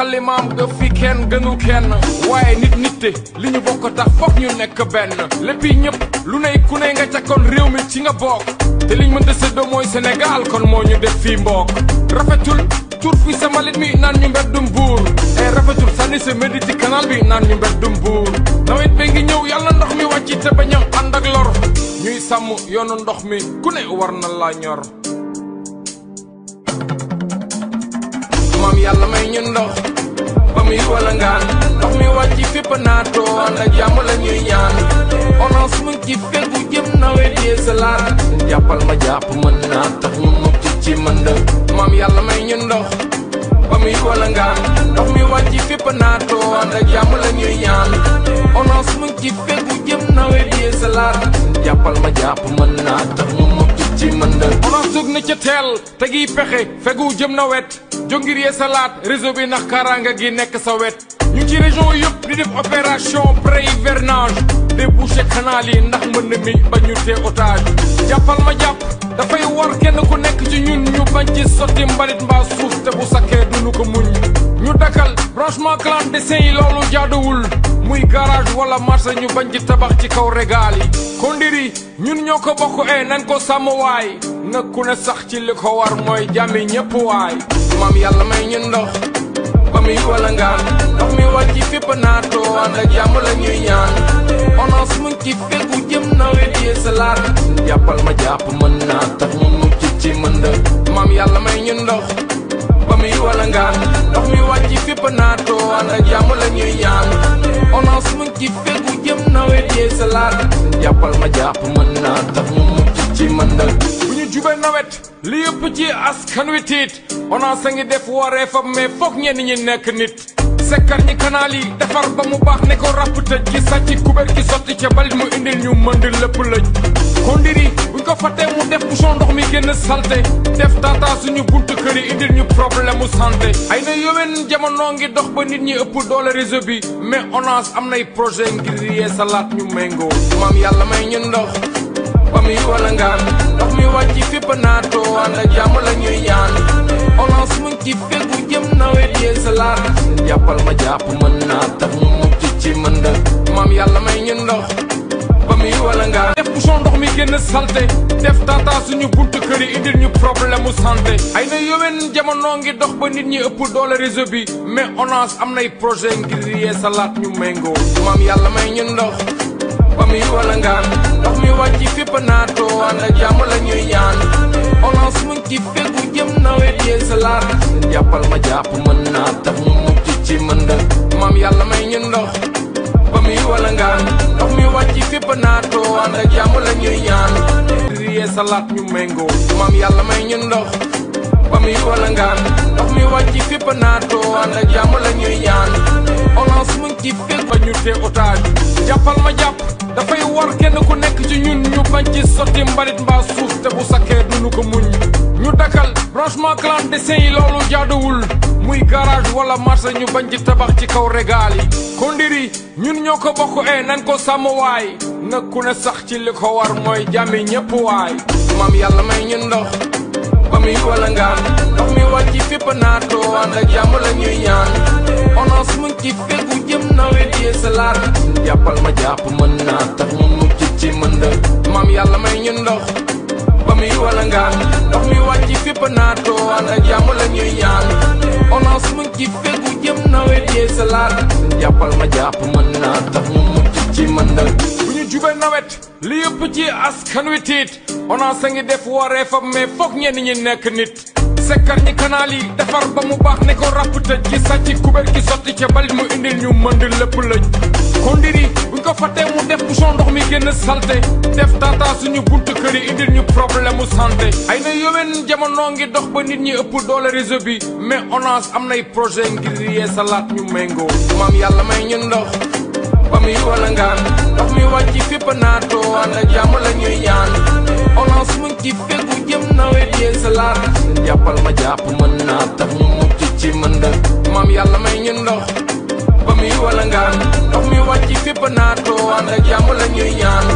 xalimaam ga fi kenn gënu kenn waaye nit nitte li ñu bokk tax foog ñu nekk benn léppi ñëpp lu ne ku ne nga ca kon réew mi ci nga bokk te liñ mën a séddoo mooy Sénégal kon moo ñu def fii mbook rafetul tur fi sa mbalit mi naan ñu mbeddum buur e rafetul sànni sa médi ci canal bi naan ñu mbeddum buur nawet bi ngi ñëw yàlla ndox mi wàcc te bañ a ànd ak ñuy sàmm yoonu ndox mi ku ne war na laa maam yàlla may ñu ndox ba muy walangaan ndox mi wàcc fépp naatoo ànd ak jàmm la ñuy ñaan onance mu ngi ci fegu jëm nawet yee salaat ma jàpp mën naa tax ñu mucc ci mënd maam yàlla may ñu ndox ba muy walangaan ndox mi wàcc fépp naatoo ànd ak jàmm la ñuy ñaan onance mu ngi ci fegu jëm nawet yee salaat ma jàpp mën naa tax ñu mucc ci mën dël onoon sug na ca teel te giy pexe fegu jëm na wet jongir yee salaat réseau bi ndax kaaraanga gi nekk sa wet ñu ci région yëpp di def opération pré-hivernage débouché canal yi ndax mën mi bañu tee otage jàppal ma jàpp dafay war kenn ku nekk ci ñun ñu bañ ci sotti mbalit mbaa suuf te bu sakkee duñu ko muñ ñu dakkal branchement clandestin yi loolu jaaduwul muy garage wala marché ñu bañ ci tabax ci kaw régal yi kondiri ñun ñoo ko bokk e nañ ko sàmm waay na ku ne sax ci li ko war mooy jàmmi ñépp waay maam yàlla may ñun famille wala ngaan ndox mi wàcc fépp naa too ànd ak jàmm la ñuy ñaan onos mu ngi ci fel bu jëm nawet yee salaat jàppal ma jàpp mën naa tax ñu mucc ci mënd maam yàlla may ñu ndox ba muy wala ngaan ndox mi wàcc fépp naa too ànd ñuy ñaan onos mu ci fel bu jëm nawet yee salaat jàppal ma jàpp mën naa tax ñu mucc ci mënd jube nawet li yëpp ci askan wi tiit ONAS a ngi def wareefam mais foog ñenn ñi nekk nit sekkar ñi kanaal yi defar ba mu baax ne ko ràpp tëj ci sàcc kubéer ki sotti ca balit mu indil ñu mënd lépp lëj kondiri buñ ko fàttee mu def bouchon ndox mi génn salte def tata suñu buntu kër yi indil ñu problème mu ay na yowén jamono ngi dox ba nit ñi ëpp doole réseau mais ONAS am nay projet ngir yee salaat ñu méngoo maam yàlla may ñu ndox ba muy ndox mi wàcc fépp naatoo ànd ak jàmm la ñuy ñaan Orange mu ngi ci fegu jëm nawet yee salaat jàppal ma jàpp mën naa tax ñu mucc ci mën da maam la may ñu ndox ba muy wala ngaa def bouchon ndox mi génn salté def tata suñu buntu kër yi indil ñu problème mu santé ay na yowén jamono ngi dox ba nit ñi ëpp doole réseau bi mais Orange am nay projet ngir yee salaat ñu méngoo maam yàlla may ñu ndox ba muy walangaan ndox mi wàcc fépp naatoo ànd ak jàmm la ñuy ñaan olance mu ci fegu jëm nawet yee salaat jàppal ma jàpp mën naa tax mu mucc ci mënd maam yàlla may ñu ndox ba muy walangaan ndox mi wàcc fépp naatoo ànd ak jàmm la ñuy ñaan yee salaat ñu méngoo maam yàlla may ñu ndox ba muy walangaan ndox mi wàcc fépp naatoo ànd ak jàmm la ñuy ñaan olance mu ci fegu ba ñu tee otage jàppal ma jàpp dafay war kenn ku nekk ci ñun ñu bañ ci sotti mbalit mbaa suuf te bu sakkee dunu ko muñ ñu dakkal branchement clandestin yi loolu jaaduwul muy garage wala marché ñu bañ ci tabax ci kaw régal yi kondiri ñun ñoo ko bokk e nañ ko sàmm waaye na ku ne sax ci li ko war mooy jàmmi ñépp waay maam yàlla may ñun ndox ba muy wala ngaan woon ci fépp naa too ànd ak jàmm la ñuy ñaan onos mu ngi ci fegu jëm nawet yi jàppal ma jàpp mën naa tax ñu mucc ci mënd maam yàlla may ñu ndox ba muy ci fépp naa too ànd ak jàmm la ñuy ñaan onos mu ngi ci fegu jëm nawet yi salaat jàppal ma jàpp mën naa tax ñu mucc ci mënd bu ñu jubee nawet li yëpp ci askan wi tiit onos a ngi def wareefam mais foog ñenn ñi nekk nit sekkar ñi kanaal yi defar ba mu baax ne ko ràpp tëj ki sàcc kubéer ki sotti ca balit mu indil ñu mënd lépp lëj kondiri buñ ko fàttee mu def bouchon ndox mi génn salte def tata suñu buntu kër yi indil ñu problème mu ay na yowén jamono ngi dox ba nit ñi ëpp doole réseau bi mais ONAS am nay projet ngir yee salaat ñu méngoo maam yàlla may ñu ndox ba muy wala ndox mi wàcc fépp naatoo ànd jàmm la ñaan orange mu ngi ci fegu jëm nawet yee salaat jàppal ma jàpp mën naa tax ñu mucc ci mënd maam yàlla may ñu ndox ba muy wala ngaan ndox mi wàcc fépp naatoo ànd ak jàmm la ñuy ñaan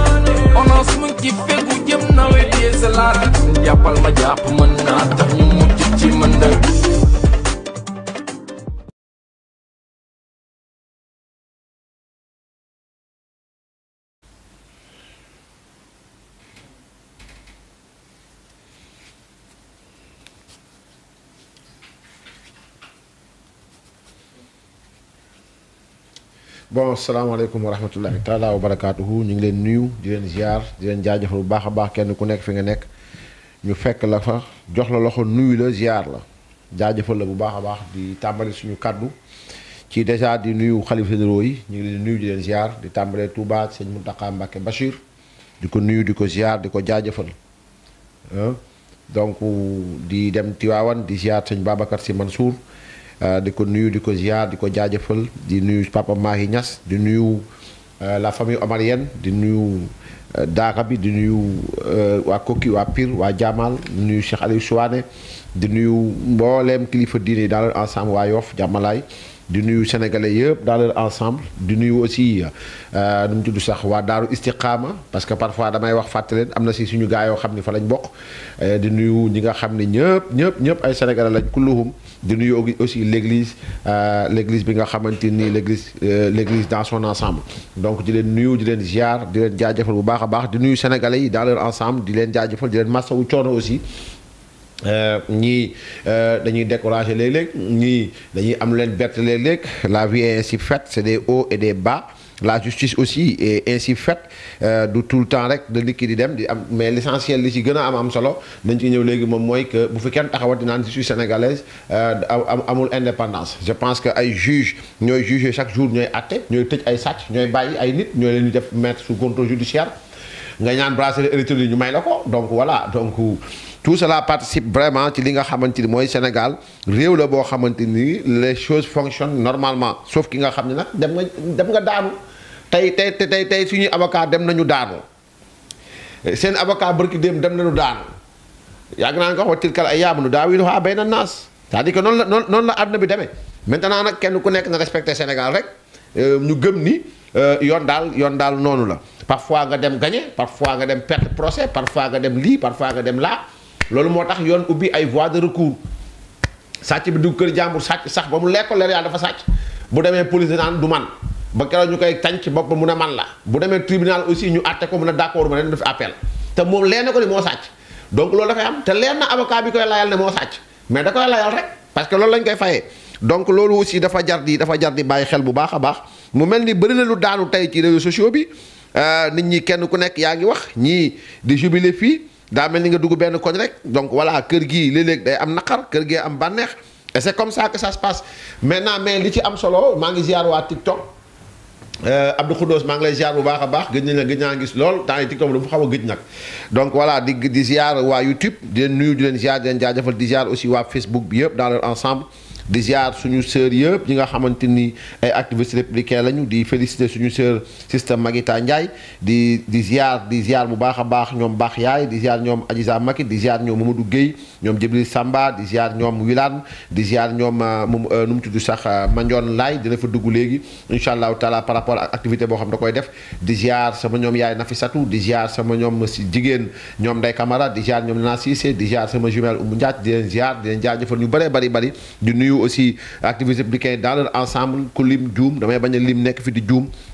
orange mu ngi ci fegu jëm nawet yee salaat jàppal ma jàpp mën naa tax ñu mucc ci mënd bon asalaamaaleykum wa rahmatullahi taala wa barakaatuhu ñu ngi leen nuyu di leen ziar di leen jaajëfal bu baax a baax kenn ku nekk fi nga nekk ñu fekk la fa jox la loxo nuyu la ziar la jaajëfal la bu baax a baax di tàmbali suñu kàddu ci dèjà di nuyu xalif généraux yi ñu ngi leen nuyu di leen ziar di tàmbalee Touba sëñ Mountakha Mbacké Bachir di ko nuyu di ko ziar di ko jaajëfal donc di dem Tiwaawan di ziar sëñ Babacar Sy Mansour Euh, de nuyu ko ziar ko papa euh, la famille omarienne di nuyu euh, d'Arabie, bi di nuyu Koki wa Pire wa jamal nuyu Cheikh Aliou souane di nuyu ensemble di sénégalais dans leur ensemble de aussi euh, nous tuddu sax wa parce que parfois damay wax suñu gaay yo xamni fa lañ bokk euh, di nuyu ñi nga sénégalais lañ aussi l'église euh, l'église bi nga l'église l'église dans son ensemble donc di nous nuyu di ziar di bu sénégalais dans leur ensemble di di aussi ni euh, euh, dañuy les léeg ni ñii dañuy am les la vie est ainsi faite c'est des hauts et des bas la justice aussi est ainsi faite euh, de tout le temps avec de likki mais l'essentiel li ci a que sénégalaise indépendance je pense que juge nous juger chaque jour nous nous nous ay nous nous ay sous contrôle judiciaire nga ñaan donc voilà donc tout cela participe vraiment ci li nga xamanteni moy Sénégal rew la bo xamanteni les choses fonctionnent normalement sauf ki nga xamni nak dem nga dem nga daanu tay tay tay tay suñu avocat dem nañu daanu sen avocat barki dem dem nañu daanu yàgg naa ko wax tilkal ayyam nu daa ha bayna nas tadi ko non à la adna la bi demé maintenant nak kenn ku nek na respecter Sénégal rek euh, ñu gëm ni euh, yon dal yon dal nonu la parfois nga dem gagner parfois nga dem perdre procès parfois nga dem li, parfois nga dem là loolu moo tax yoon ubbi ay voies de recours sàcc bi dugg kër jàmbur sàcc sax ba mu lekkol leer yàlla dafa sàcc bu demee police naan du man ba keroog ñu koy tànc bopp ba mun a man la bu demee tribunal aussi ñu àtte ko mu a d'accord ma ne def appel te moom leer ko ni moo sàcc donc loolu dafay am te leer na avocat bi koy layal ne moo sàcc mais da koy layal rek parce que loolu lañ koy fayee donc loolu aussi dafa jar di dafa jar di bàyyi xel bu baax a baax mu mel ni bëri na lu daanu tey ci réseaux sociaux bi euh, nit ñi kenn ku nekk yaa ngi wax ñii di jubilé fii daa mel ni nga dugg benn koñ rek donc voilà kër gi léeg-léeg day am naqar kër gee am bànneex et c'est comme ça que ça se passe maintenant mais li ci am solo maa ngi ziar waa TikTok euh, Abdou Khoudous maa ngi lay ziar bu baax a baax gëj nañ la gëj naa gis lool temps yi TikTok lu mu xaw a gëj nag donc voilà di di ziar waa YouTube di leen nuyu di leen ziar di leen jaajëfal di ziar aussi waa Facebook bi yëpp dans leur ensemble. di ziar suñu sœur yëpp ñi nga xamante ni ay activistes républicains lañu di féliciter suñu sœur sister Maguita Ndiaye di di ziar di ziar bu baax a baax ñoom baax yaay di ziar ñoom Adisa Maki di ziar ñoom Mamadou Guèye ñoom Jibril Samba di ziar ñoom Wilane di ziar ñoom euh, moom euh, nu mu tudd sax euh, Mandione Laye dina fa dugg léegi incha allahu taala par rapport ak boo xam da koy def di ziar sama ñoom yaay Nafisatu di ziar sama ñoom si jigéen ñoom Ndeye Camara di ziar ñoom Nana Cissé di ziar sama jumelle Oumou Ndiaye di leen ziar ñu bëree bëri bëri di nuyu nuyu aussi activistes républicains dans leur ensemble ku lim dans damay bañ lim nek fi di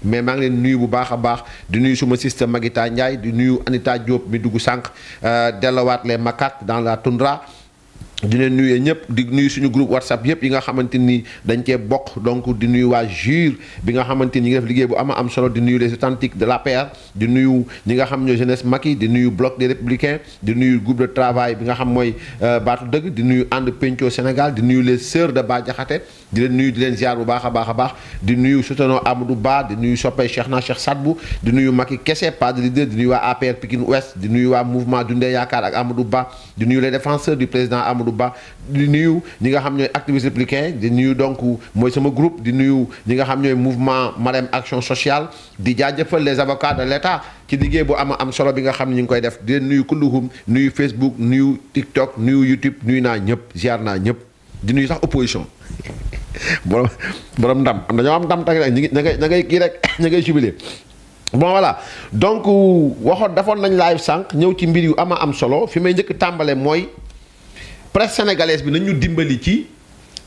mais maa ngi leen nuyu bu baax de baax di nuyu suma système Magita Ndiaye di nuyu Anita Diop mi sank euh dellowaat les macaques dans la toundra di leen nuyee ñëpp di nuyu suñu groupe whatsapp yëpp yi nga xamante ni dañ cee bokk donc di nuyu waa JUR bi nga xamante ni ñi ngi def liggéey bu ama am solo di nuyu les authentiques de l'APR di nuyu ñi nga xam ñoo jeunesse Macky di nuyu bloc des républicains di nuyu groupe de travail bi nga xam mooy euh, baatu dëgg di nuyu ànd penco Sénégal di nuyu les sœurs de Bah di leen nuyu di len ziar bu baax a baax di nuyu soutenu Amadou Ba di nuyu soppe Cheikh na Cheikh Sadbou di nuyu Macky kesse pas de leader di nuyu APR Pikine Ouest di nuyu wa mouvement dundé yakar ak Amadou Ba di nuyu les défenseurs du président Amadou Ba di nuyu ñi nga xam ñoy activistes républicains di nuyu donc moy sama groupe di nuyu ñi nga xam ñoy mouvement Marème action sociale di jaajëfal les avocats de l'État ci liggéey bu am am solo bi nga xam ne ngi koy def di nuyu kulluhum nuyu Facebook nuyu TikTok nuyu YouTube nuyu na ñep ziar na ñep di nuyu sax opposition borom ndam am ndam tak rek ñu ngay ki rek ngay jubilé bon voilà donc waxo dafon nañ live sank ñew ci mbir yu ama am solo fi may ñëk tambalé moy presse sénégalaise bi nañu dimbali ci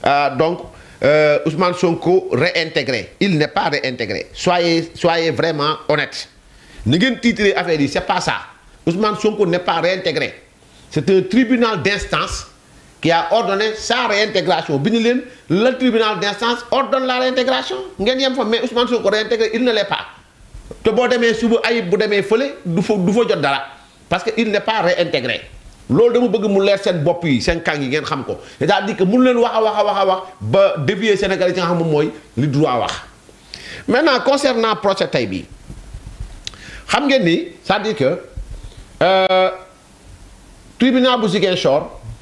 euh, donc euh, Ousmane Sonko réintégré il n'est pas réintégré soyez soyez vraiment honnête ni ngeen titrer affaire yi c'est pas ça Ousmane Sonko n'est pas réintégré c'est un tribunal d'instance qui a ordonné sa réintégration le tribunal d'instance ordonne la réintégration mais Ousmane il ne l'est pas parce qu'il n'est pas réintégré C'est ce que je veux dire. C'est cest à que maintenant concernant procès de xam c'est-à-dire que euh, tribunal de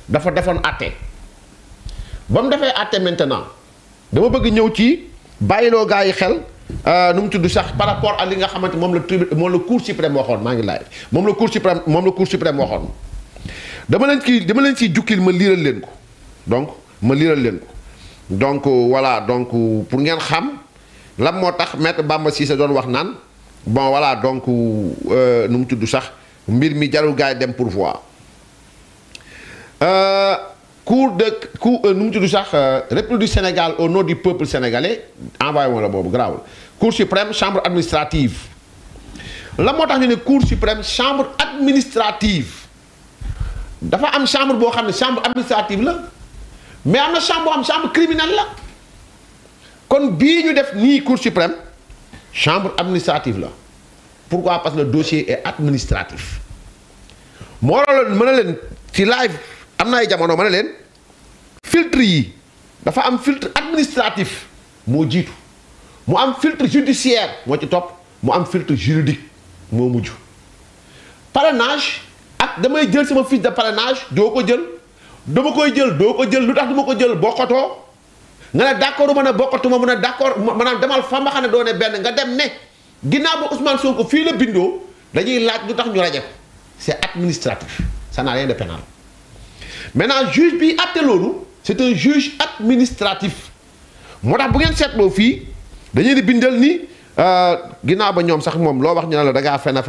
dafa defoon até bam mu até maintenant dama bëgg ñëw ci bayilo gaay xel euh mu tudd sax par rapport à li nga xamanté mom le moom la cour suprême waxon ma ngi lay mom le cour suprême mom le cour suprême waxon dama leen ci dama leen ci jukkil ma liral leen ko donc ma liral leen ko donc euh, voilà donc euh, pour ngeen xam lan moo tax maître Bamba Cissé doon wax nan bon voilà donc euh, euh mu tudd sax mbir mi jaru gaay dem pour pourvoi euh, cour de cour euh, nous euh, du Sénégal au nom du peuple sénégalais envoyez moi la grave grave cour suprême chambre administrative la montagne cour suprême chambre administrative d'abord am chambre pour chambre administrative là mais am chambre am chambre criminelle la bien nous ñu def cour suprême chambre administrative là pourquoi parce que le dossier est administratif Moi, le live amna ay jamono mané len filtre yi dafa am filtre administratif mo jitu mu am filtre judiciaire mo ci top mu am filtre juridique mo muju parrainage ak damay jël sama fiche de parrainage do ko jël dama koy jël do ko jël lutax dama ko jël bokoto nga ne d' accord ma ne bokkatuma mu ne demal fa ma xam ne doo nga dem ne ginaa bu Ousmane Sonko fi la bindo dañuy laaj lutax ñu rajé c'est administratif ça n'a rien de pénal maintenant juge bi c'est un juge administratif moo tax bu ngeen seetloo que dañuy bindal ni euh, ginnaaw ba ñoom sax moom loo wax ñu ne la da que fen a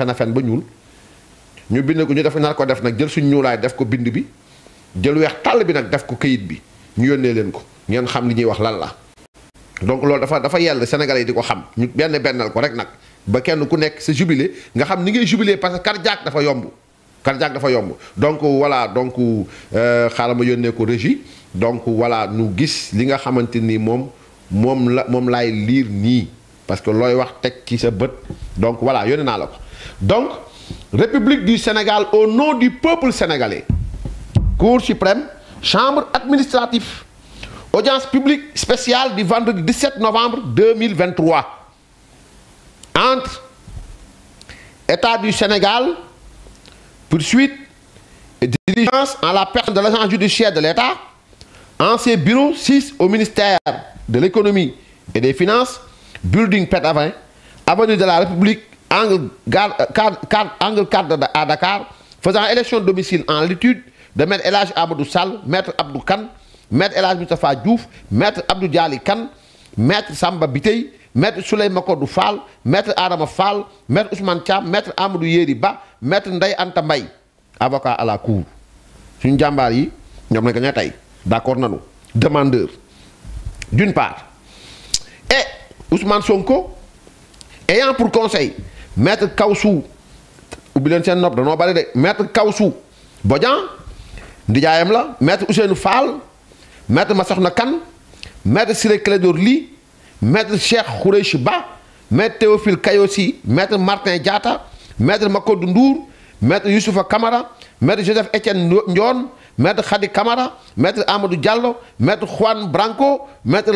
Nous ba ñuul ñu Nous ko ñu def nar ko def que jël suñ def donc Sénégalais yi xam ñu benn bennal ko rek nag ba jubilé nga jubilé parce que cardiaque cardiaque dafa yomb donc voilà donc euh ma yónnee ko régie donc voilà nous gis li nga xamante mom mom la mom lay lire ni parce que loy wax tek qui sa beut donc voilà yónnee naa la donc République du Sénégal au nom du peuple sénégalais Cour suprême chambre administrative audience publique spéciale du vendredi 17 novembre 2023 entre État du Sénégal poursuite et diligence en la personne de l'agent judiciaire de l'État, en ses bureaux 6 au ministère de l'économie et des finances, Building Petavin, avenue de la République, angle 4 euh, à Dakar, faisant élection de domicile en l'étude de Maître Elaj Abdou Sal, Maître Abdou Khan, Maître Elaj Mustafa Diouf, Maître Abdou Diali Khan, Maître Samba Bitey, Maître Souley Makodou Fall, Maître Adama Fall, Maître Ousmane Cham, Maître Amadou Yeriba, maître Ndeye Anta avocat à la cour suñu jambar yi ñom la gañe d'accord nanu demandeur d'une part et Ousmane Sonko ayant pour conseil maître Kawsu ubbi leen seen nopp danoo bari dé maître Kawsu Bodian ndijaayam la maître Ousmane Fall maître Massokhna Nakan, maître Siré Clédor maître Cheikh Khoureyssi Ba maître Théophile Kayosi maître Martin Diatta maître Mako Dundour, maître Youssoufa Kamara maître Joseph Etienne Ndion maître Khadi Kamara maître Amadou Diallo maître Juan Branco maître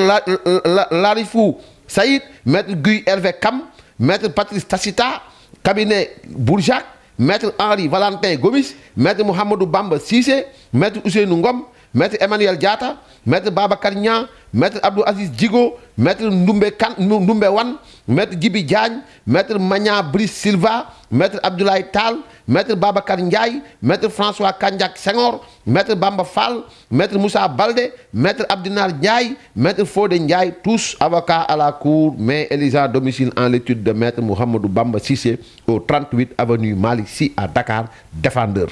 Larifou Saïd maître Guy Hervé Cam maître Patrice Tassita, cabinet Bourjac maître Henri Valentin Gomis maître Mohamedou Bamba Sissé, maître Ousseynou Nungom, maître Emmanuel Diata, maître Baba Karnia, maître Abdou Aziz Djigo maître Ndoumbé Kan Ndoumbé Wan maître Gibi Diagne maître Magna Brice Silva maître Abdoulaye Tal, maître Baba Ndiaye maître François Kanjak Senghor maître Bamba Fall maître Moussa Balde, maître Abdinar Ndiaye maître Fode Ndiaye tous avocats à la cour mais Elisa domicile en l'étude de maître Mohamedou Bamba Sissé au 38 avenue Mali, ici à Dakar défendeur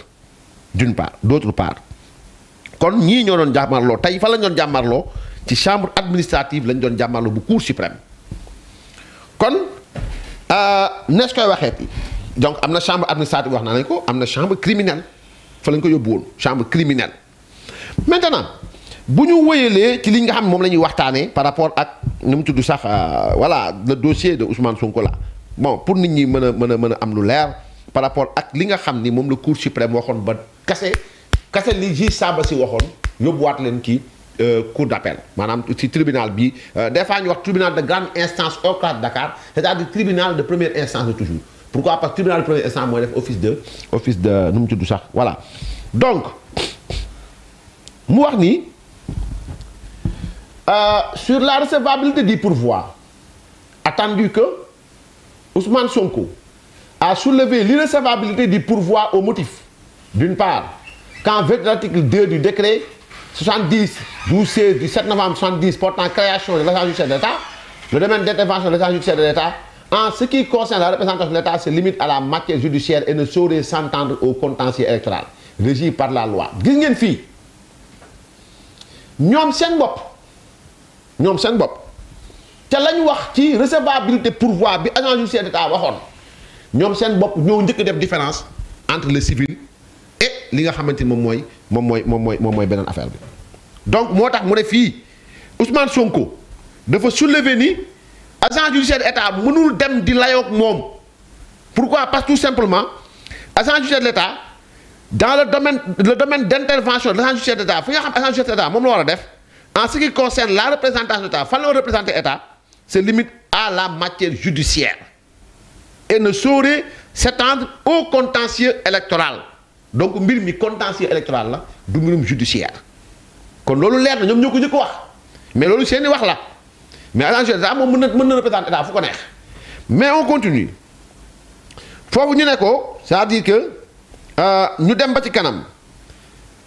d'une part d'autre part kon ñii ñoo doon jàmmarloo tey fa lañ doon jàmmarloo ci chambre administrative lañ doon jàmmarloo bu cour suprême kon euh, nees koy waxeeti donc am na chambre administrative wax naa lañ ko am na chambre criminelle fa lañ ko yóbbu woon chambre criminelle maintenant bu ñu wéyalee ci li nga xam moom la ñuy waxtaanee par rapport ak nu mu tudd sax euh, voilà le dossier de Ousmane Sonko la bon pour nit ñi mën a mën a mën a am lu leer par rapport ak li nga xam ni moom la cour suprême waxoon ba kase c'est li juge Samba si le yóbbuwaat leen kii euh, cour d'appel madame, le tribunal bi euh, des fois tribunal de grande instance au cadre de Dakar c'est-à-dire tribunal de première instance de toujours pourquoi parce que tribunal de première instance mooy def office de office de voilà donc mu euh, sur la recevabilité du pourvoi attendu que Ousmane Sonko a soulevé l'irrecevabilité du pourvoi au motif d'une part qu'en vertu l'article 2 du décret 70 12 16 du 7 novembre 70 portant création de l'agent judiciaire d'État, le domaine d'intervention de l'agent judiciaire de l'État, en ce qui concerne la représentation de l'État, se limite à la matière judiciaire et ne saurait s'entendre au contentieux électoral régi par la loi. gis ngeen fii ñoom seen bop. ñoom seen la wax ci recevabilité pourvoi bi agence judiciaire d'État Nous sommes seen bop. ñoo def différence entre le civil li nga xamanteni mom moy mom moy mom moy mooy affaire bi donc motax me mu ne Ousmane Sonko dafa soulever ni agent judiciaire de l'État mënul dem di layok mom pourquoi parce que tout simplement agent judiciaire de l'État dans le domaine le domaine d'intervention de l'agent judiciaire de l'État fi nga xam agent judiciaire de l'État lo wara def en ce qui concerne la représentation de l'État il la représenter État c'est limite à la matière judiciaire et ne saurait s'étendre au contentieux électoral donc mbir contentieux électoral là, du mbirum judiciaire kon loolu leer na ñoom ñoo ko wax mais loolu seeni wax la mais agent ça, moom mën na mën na représenter état neex mais on continue foofu ñu ne ko c'est-à-dire que euh, ñu dem ba ci kanam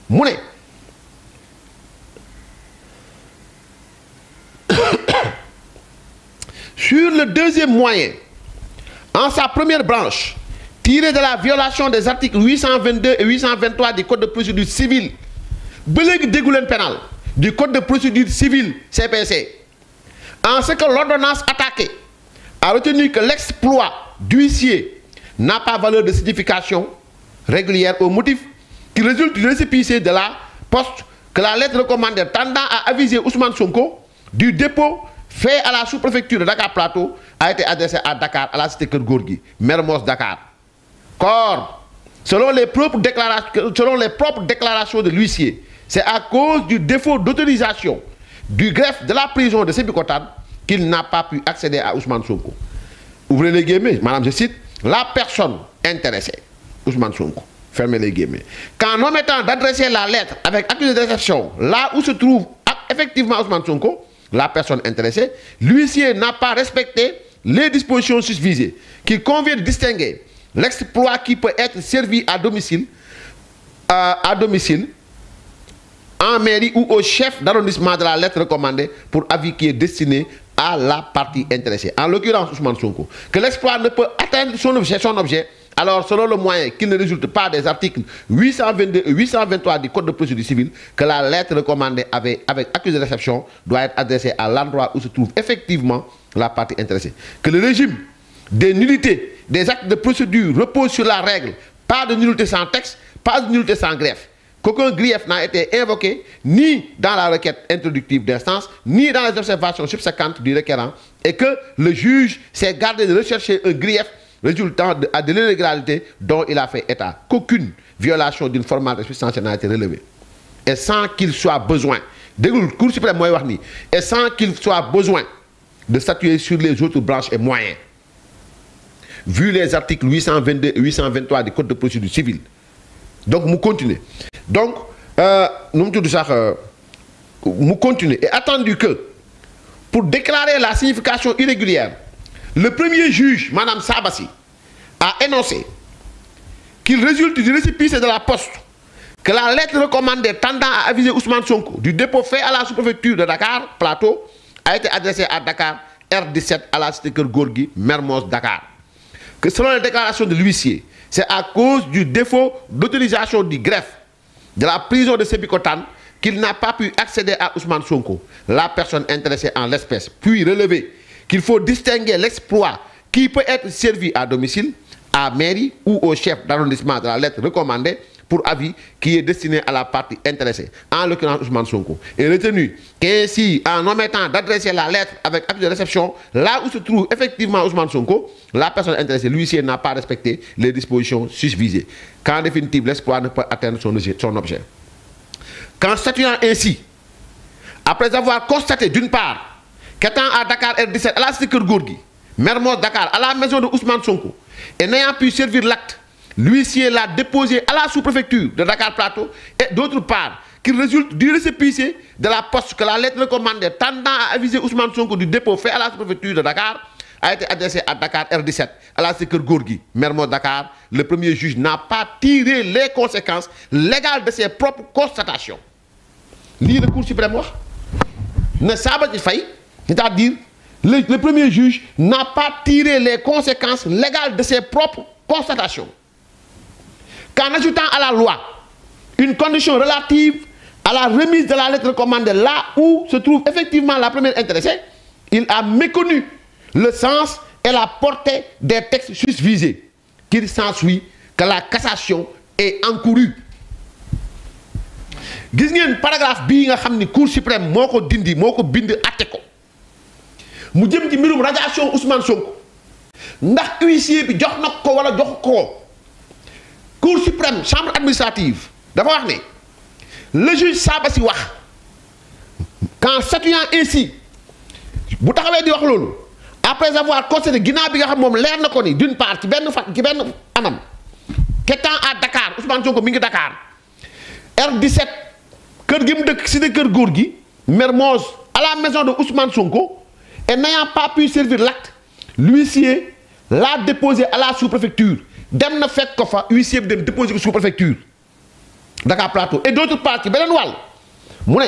mu ne sur le deuxième moyen en sa première branche tiré de la violation des articles 822 et 823 du code de procédure civile de pénal du code de procédure civile CPC en ce que l'ordonnance attaquée a retenu que l'exploit d'huissier n'a pas valeur de signification régulière au motif qui résulte du récépissé de la poste que la lettre recommandée tendant à aviser Ousmane Sonko du dépôt fait à la sous-préfecture de Dakar Plateau a été adressée à Dakar, à la cité Kër Mermoz Dakar. Corps, selon les propres déclarations, selon les propres déclarations de l'huissier, c'est à cause du défaut d'autorisation du greffe de la prison de Sébikotan qu'il n'a pas pu accéder à Ousmane Sonko. Ouvrez les guillemets, madame, je cite, la personne intéressée, Ousmane Sonko. Fermez les guillemets. Qu'en omettant d'adresser la lettre avec accusé de réception, là où se trouve effectivement Ousmane Sonko, la personne intéressée, l'huissier n'a pas respecté les dispositions susvisées, qu'il convient de distinguer L'exploit qui peut être servi à domicile, euh, à domicile, en mairie ou au chef d'arrondissement de la lettre recommandée pour avis qui est destiné à la partie intéressée. En l'occurrence, Ousmane Sonko. Que l'exploit ne peut atteindre son objet, alors, selon le moyen qui ne résulte pas des articles 822 et 823 du Code de procédure civile, que la lettre recommandée avec, avec accusé de réception doit être adressée à l'endroit où se trouve effectivement la partie intéressée. Que le régime des nullités des actes de procédure reposent sur la règle, pas de nullité sans texte, pas de nullité sans greffe. Qu'aucun grief n'a été invoqué ni dans la requête introductive d'instance, ni dans les observations subséquentes du requérant, et que le juge s'est gardé de rechercher un grief résultant à de l'illégalité dont il a fait état. Qu'aucune violation d'une formalité substantielle n'a été relevée. Et sans qu'il soit besoin, le suprême et sans qu'il soit besoin de statuer sur les autres branches et moyens vu les articles 822 et 823 du Code de procédure civile. Donc, nous continuons. Donc, euh, nous euh, continuons. Et attendu que, pour déclarer la signification irrégulière, le premier juge, Mme Sabassi, a énoncé qu'il résulte du récipice de la poste que la lettre recommandée tendant à aviser Ousmane Sonko du dépôt fait à la sous-préfecture de Dakar, Plateau, a été adressée à Dakar, R17 à la cité Gorgui, Mermoz, Dakar que selon les déclarations de l'huissier, c'est à cause du défaut d'autorisation du greffe de la prison de Sébicotane qu'il n'a pas pu accéder à Ousmane Sonko, la personne intéressée en l'espèce, puis relever qu'il faut distinguer l'exploit qui peut être servi à domicile, à mairie ou au chef d'arrondissement de la lettre recommandée pour avis qui est destiné à la partie intéressée, en l'occurrence Ousmane Sonko, et retenu qu'ainsi, en omettant d'adresser la lettre avec appui de réception, là où se trouve effectivement Ousmane Sonko, la personne intéressée, lui, ci n'a pas respecté les dispositions susvisées, qu'en définitive, l'espoir ne peut atteindre son objet. Son Qu'en statuant ainsi, après avoir constaté d'une part qu'étant à Dakar R17 à la Gourgui, Dakar, à la maison de Ousmane Sonko, et n'ayant pu servir l'acte L'huissier l'a déposé à la sous-préfecture de Dakar Plateau et d'autre part, qu'il résulte du récépissé de la poste que la lettre recommandée tendant à aviser Ousmane Sonko du dépôt fait à la sous-préfecture de Dakar a été adressée à Dakar R17, à la sécurité Gourgui, Mermo Dakar. Le premier juge n'a pas tiré les conséquences légales de ses propres constatations. Ni le cours suprême ne sabbat failli, c'est-à-dire le premier juge n'a pas tiré les conséquences légales de ses propres constatations qu'en ajoutant à la loi une condition relative à la remise de la lettre commandée là où se trouve effectivement la première intéressée, il a méconnu le sens et la portée des textes susvisés, qu'il s'ensuit que la cassation est encourue. a un paragraphe bii nga xam cour suprême moo ko dindi moo ko bind atte ko mu qui est mbirum radiation Ousmane Sonko ndax huissier bi jox qui est wala jox ko cour suprême chambre administrative d'abord, le juge Sabassi quand quand statuant ainsi vous après avoir constaté ginnaaw bi nga d'une part qui est en à Dakar Ousmane Sonko Mingi Dakar R17 c'est gi mu Mermoz à la maison de Ousmane Sonko et n'ayant pas pu servir l'acte l'huissier l'a déposé à la sous-préfecture dem na fekk ko fa huissier dem déposé ko sous préfecture Dakar Plateau et d'autres parties, part ci beneen mu ne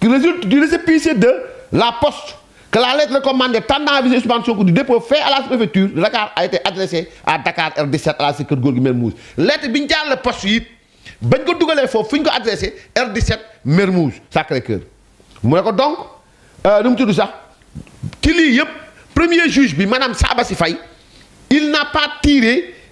qui résulte du récépissé de la poste que la lettre recommandée tendant à viser Ousmane du dépôt fait à la préfecture de Dakar a été adressée à Dakar R17 à la sécurité de Gorgui lettre biñ ñu jaarale poste yi bañ ko dougalé foofu fuñ ko R17 Mermouz, Sacré-Cœur mu ko donc euh mu tudd sax ci li yeb premier juge bi maanaam Sabassi Faye il n'a pas tiré.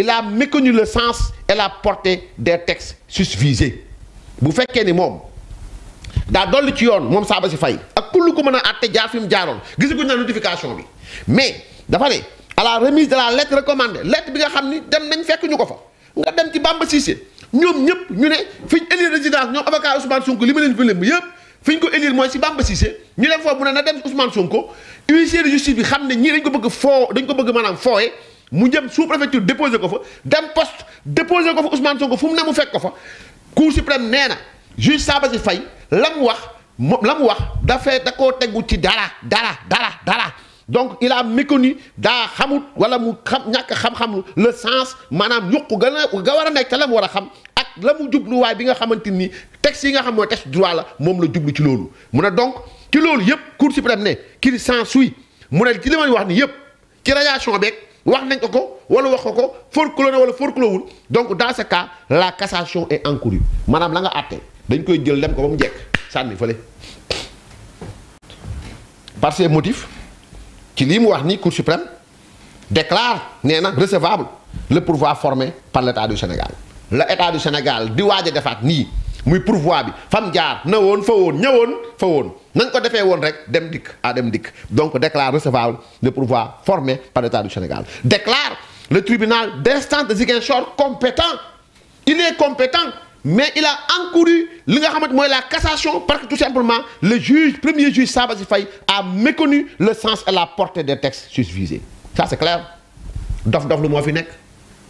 il a méconnu le sens et la porté des textes susvisés bu fekkee ni moom da dol ci yoon moom Sabassy Faye ak kull ku mën a àtte jaar fi mu jaaroon gisaguñ na notification bi mais dafa ne à la remise de la lettre recommandée lettre bi nga xamni dem nañ fekk ñuko fa nga dem ci Bamba Cissé ñom ñëpp ñu ne fi ñu élire résidence ñoom avocat Ousmane Sonko li leen fi yépp fiñ ko élire moy ci Bamba Cissé ñu dem fo mu na dem Ousmane Sonko huissier de justice bi xamné ñi ñii dañ ko bëgg foo dañ ko bëgg manam foé mu jëm sous préfecture dépose ko fa dem poste déposé ko fa Ousmane Sonko fu mu ne mu fekk ko fa cour suprême nee juste juge Sabassy Faye la mu wax moom la mu da ci dara dara dara dara donc il a méconnu d'a xamut wala mu xam ñàkk xam-xam le sens manam yuq gana a ga war a nekk la xam ak la mu jubluwaay bi nga texte yi nga xam texte droit la moom la jublu ci donc ci yep, cour suprême ne kii s'ensuit mu ne ci li wax ni yëpp ci radiation wax coco, ko ko wala wax ko ko wala donc dans ce cas la cassation est encourue Madame la nga àtte dañ koy jël lem ko ba mu njëkk sànni fële par ces motifs ci lii mu wax ni Cour suprême déclare nee recevable le pourvoi formé par l'État du Sénégal le du Sénégal di être a ni muy pourvoi bi fam jaar na woon fa woon ñëwoon fa woon nañ ko defee woon rek dem dikk à dem donc déclare recevable le pouvoir formé par l'État du Sénégal déclare le tribunal d'instance de Ziguinchor compétent il est compétent mais il a encouru li nga la cassation parce que tout simplement le juge premier juge Sabazifay, Faye a méconnu le sens et la portée des textes susvisés ça c'est clair dof dof lu moo fi nekk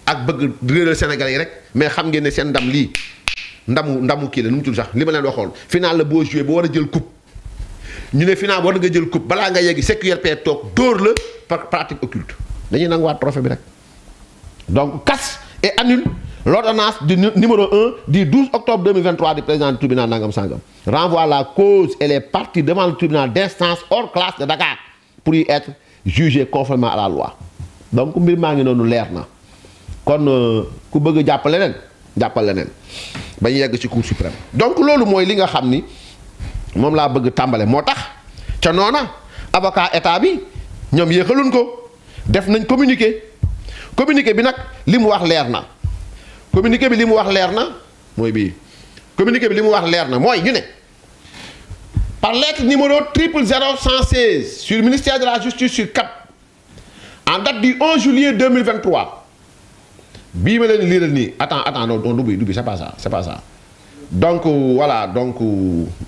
ak bëgg réeral Sénégalais rek mais xam ngeen ne seen ndam nous avons, kii la sax avons le final la beau jël coupe ñu ne final war nga jël coupe nga sécurité par pratique occulte dañuy nanguwaat bi rek donc casse et annule l'ordonnance numéro 1 du 12 octobre 2023 du président du tribunal Nangam Sangam renvoie la cause et les parties devant le tribunal d'instance hors classe de Dakar pour y être jugé conformément à la loi donc mbir jàppal leneen yegg ci cour suprême donc lolu moy li nga xamni mom la bëgg tambalé motax tax ca noona avocat état bi ñom yéexaluñ ko def nañ communiquer communiqué bi nak limu wax na bi limu wax na bi communiquer bi limu wax na ñu né par lettre numéro triple zéro sur ministère de la justice sur cap en date du 11 juillet 2023 Bible attends attends non c'est pas ça c'est pas ça donc voilà donc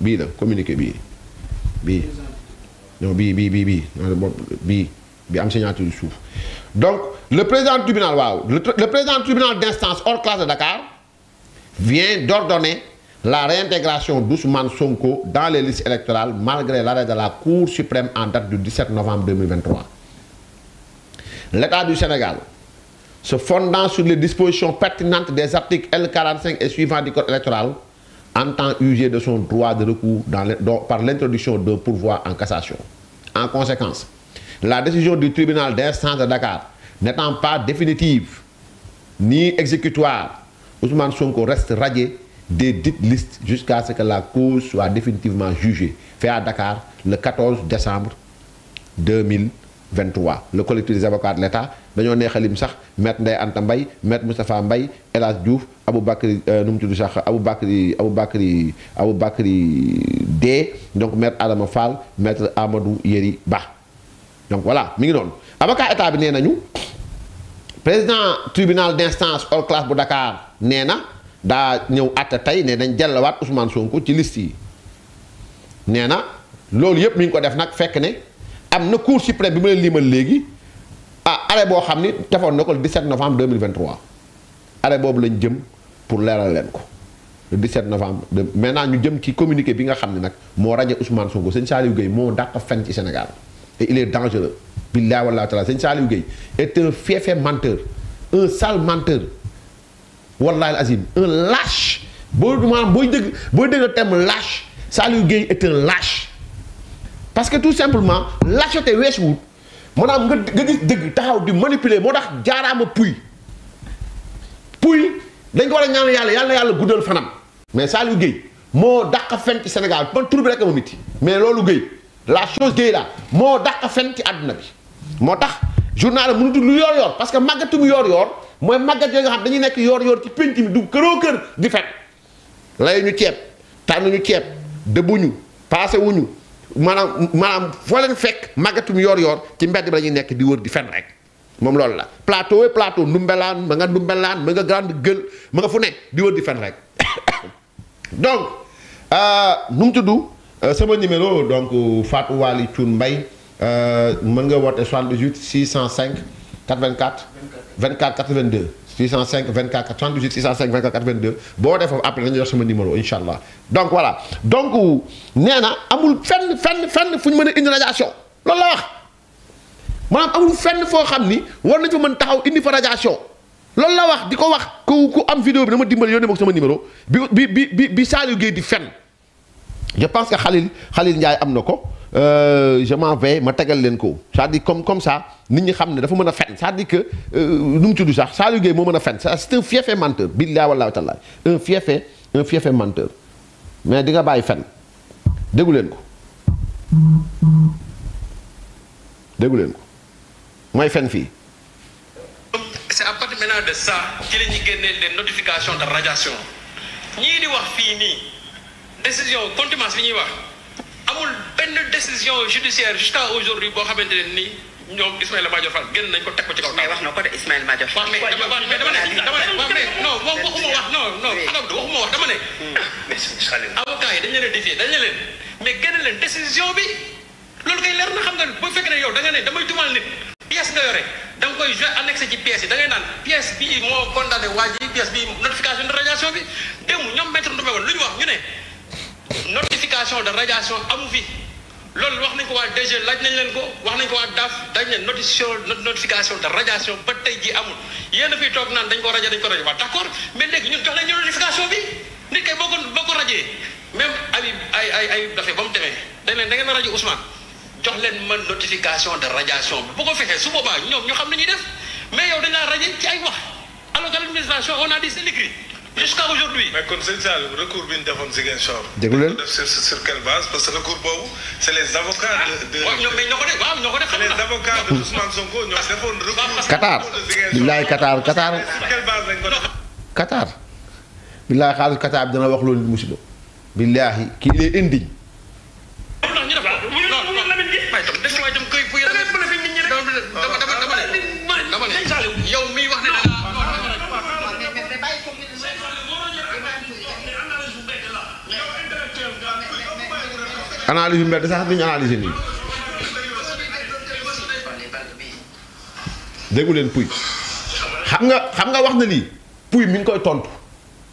bii communiqué non bi donc le président du tribunal le, le président du tribunal d'instance hors classe de Dakar vient d'ordonner la réintégration d'Ousmane Sonko dans les listes électorales malgré l'arrêt de la Cour suprême en date du 17 novembre 2023 l'État du Sénégal se fondant sur les dispositions pertinentes des articles L45 et suivants du Code électoral, entend user de son droit de recours par l'introduction de pourvoi en cassation. En conséquence, la décision du tribunal d'instance de Dakar n'étant pas définitive ni exécutoire, Ousmane Sonko reste radié des dites listes jusqu'à ce que la cause soit définitivement jugée. Fait à Dakar le 14 décembre 2000. 23 le collectif des avocats de l'État dañoo neexalim sax maître Ndeye Anta maître Moustapha Mbaye El Hadj Diouf Aboubacry euh, nu mu tudd sax Aboubacry Aboubacry Aboubacry D donc maître Adama Fall maître Amadou Yeri Bah. donc voilà mi ngi noonu avocat état bi nee président tribunal d'instance hors classe bu Dakar nee da ñeu atta àtte tey ne dañ jàllawaat Ousmane Sonko ci liste yi nee lool loolu yëpp mi ngi ko def nak fekk ne amna cour suprême bi mu leen limal légui ah arrêt bo xamni ni defoon le 17 novembre 2023 arrêt boobu lañ jëm pour leeral leen ko le 17 novembre maintenant ñu jëm ci communiqué bi nga xamni nak mo moo Ousmane Sonko Seigne Saliou Gueye mo dàq fen ci Sénégal et il est dangereux billahi wallahi taala Seigne Saliou Gueye est un fiefé menteur un sale menteur wallahi azim un lâche boo maanaam booy deug booy deug le terme lâche Saliou Gueye est un lâche parce que tout simplement lâcheté Westwood maanaam nga nga gis dëgg taxaw di manipuler moo tax puy puy dañ ko war a ñaan yalla yalla yàlla guddal fanam mais Saliou Guèye mo dàq fen ci Sénégal man tur bi rek ma miti mais loolu Guèye la chose Guèye la mo dàq fen aduna bi motax tax journal mënut lu yor yor parce que màggatum yor yor moy magat yooyu nga xam dañuy nek yor yor ci pénc mi du këroo kër di fen lay ñu ceeb tan ñu ceeb dëbbuñu passé wuñu manam manam fo len fek magatum yor yor ci mbedd bi lañuy nek di wër di fen rek mom lool la plateau et plateau ndumbelan ma nga ndumbelan ma nga grande gueule ma nga fu nek di wër di fen rek donc euh num tuddu euh, sama numéro donc Fatou Wali Tour Mbay euh ma nga woté 78 605 84 24 82 605 24 78 605 24 82 boo defoo après dañu jox sama numéro incha allah donc voilà donc nee na amul fenn fenn fenn fu ñu mën a indi radiation loolu la wax maanaam amul fenn foo xam ni war nañ fa mën taxaw indi fa radiation loolu la wax di ko wax ku ku am vidéo bi dama dimbali yónnee ma sama numéro bi bi bi bi Saliou Gueye di fenn je pense que Khalil Khalil Ndiaye am na ko. Euh, je m'en vais ma tagal len ko c'est-à-dire comme comme ça nit ñi xamne ne dafa mëna a fen c'est-à-dire que euh, mu tudd sax Saliou Gueye moo mën a c'est un fiefé menteur billahi wallahu taala un fiefé un fiefé menteur mais di nga bàyyi fen déggu leen ko degu len ko moy fen fi. c'est à partir maintenant de ça ci la ñuy des notifications de radiation ñi di wax fi ni décision contumace bi ñi wax amul benn décision judiciaire jusqu'à aujourd'hui boo xamante ni nii ñoom Ismaïla Madior Fall génn nañ ko teg ko ci kaw. mais wax na ko de Ismaïla Madior Fall. mais dama ne dama dañ leen a défier leen mais génn leen décision bi loolu kay leer na xam nga bu fekkee ne yow da ne damay tumal nit. pièce nga yore da koy joué annexé ci pièce yi da naan pièce bii moo condamné waa ji pièce bii notification de radiation bi démb ñoom maître Ndoumbe woon lu ñu wax notification de radiation amu fi loolu wax nañ ko waa DG laaj nañ leen ko wax nañ ko waa DAF dañ ne notification de radiation ba tey ji amul yéen a fiy toog naan dañ ko rajo dañ ko rajo waaw d' accord mais léegi ñun jox nañ ñu notification bi nit kay boo ko boo ko rajee même ay ay ay ay dafe ba mu demee dañ leen da ngeen a rajo Ousmane jox leen man notification de radiation bi bu ko fexee su boobaa ñoom ñu xam ne ñuy def mais yow dañ laa rajo ci ay wax alors jusqu'à aujourd'hui mais kon sëñ Sall recours bi ñu defoon Ziguinchor. déglu leen def sur sur quelle base parce que recours boobu c' est les avocats de de. Ah, waaw ñoo ko def waaw ñoo ko def xam naa les avocats de Ousmane Sonko ñoo defoon recours. Qatar billaay Qatar Qatar. sur quelle base lañ ko def. Qatar billaay xaalis Qatar dana wax loolu musiba. billaahi kii lay indiñ analyse yu mbedd sax duñu analyser nii degu len puy xam nga xam nga wax na lii puy mi ngi koy tontu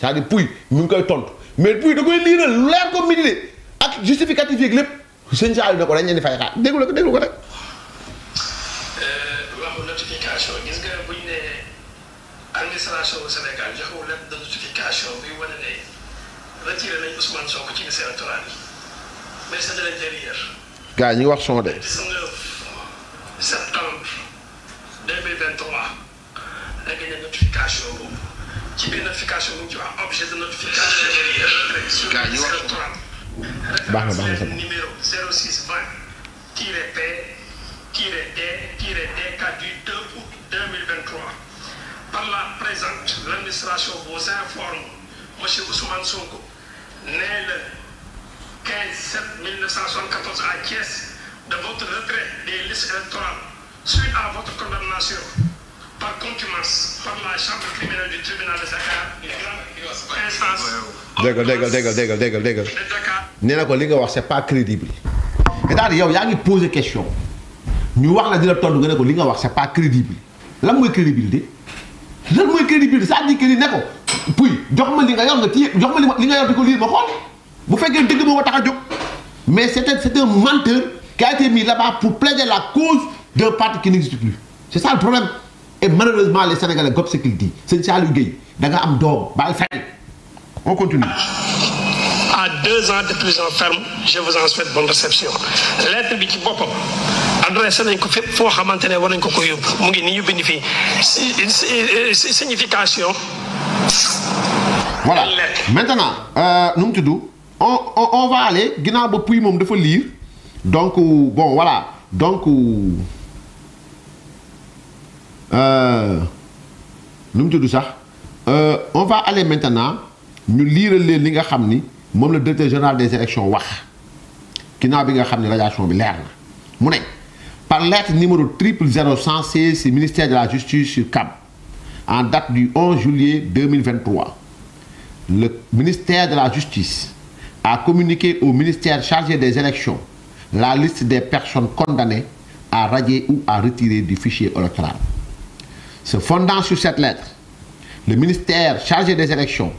ça à dire puy mi ngi koy tontu mais puy da koy liiral lu leer ko midi ak justificatif yek lepp seigne jall da ko dañ leen di fay xaar déglu ko degu ko rek. Euh, waxu notification gis nga buñ ne administration bu Sénégal joxewul lettre de notification buy wane ne retiré nañ Ousmane Sonko ci ministre de l'Intérieur. gars ñi wax son de. 19 septembre 2023 a génne notification boobu ci biir notification bi ñu ci wax objet de notification intérieure. gars ñi wax son baax numéro 06 P tiré D tiré D4 du 2 août 2023 par la présente l'administration vous informe M. Ousmane Sonko né le 15 1974 à de votre retrait des listes électorales suite à votre condamnation par concurrence par la chambre criminelle du tribunal de Dakar instance. grande c'est pas crédible Et d'ailleurs, question Nous wax la pas crédible crédibilité Ça dit que vous faites que vous ko mais c'est un menteur qui a été mis là-bas pour plaider la cause d'un parti qui n'existe plus C'est ça le problème et malheureusement les sénégalais comme ce qu'il dit C'est Charles Gueye da nga on continue. à deux ans de prison ferme je vous en souhaite bonne réception lettre biki ci adressé nañ ko fépp foo xamante war nañ ko signification. voilà maintenant nous nous disons on on on va aller ginnaaw ba Puy mom dafa lire donc bon voilà donc euh mu tudu sax euh, on va aller maintenant ñu lire le li nga xamni mom directeur général des élections wax ginnaaw bi nga xamni radiation bi leer na mu par lettre numéro triple C'est ministère de la justice sur cap en date du 11 juillet 2023 le ministère de la justice a communiqué au ministère chargé des élections la liste des personnes condamnées à radier ou à retirer du fichier électoral. Se fondant sur cette lettre, le ministère chargé des élections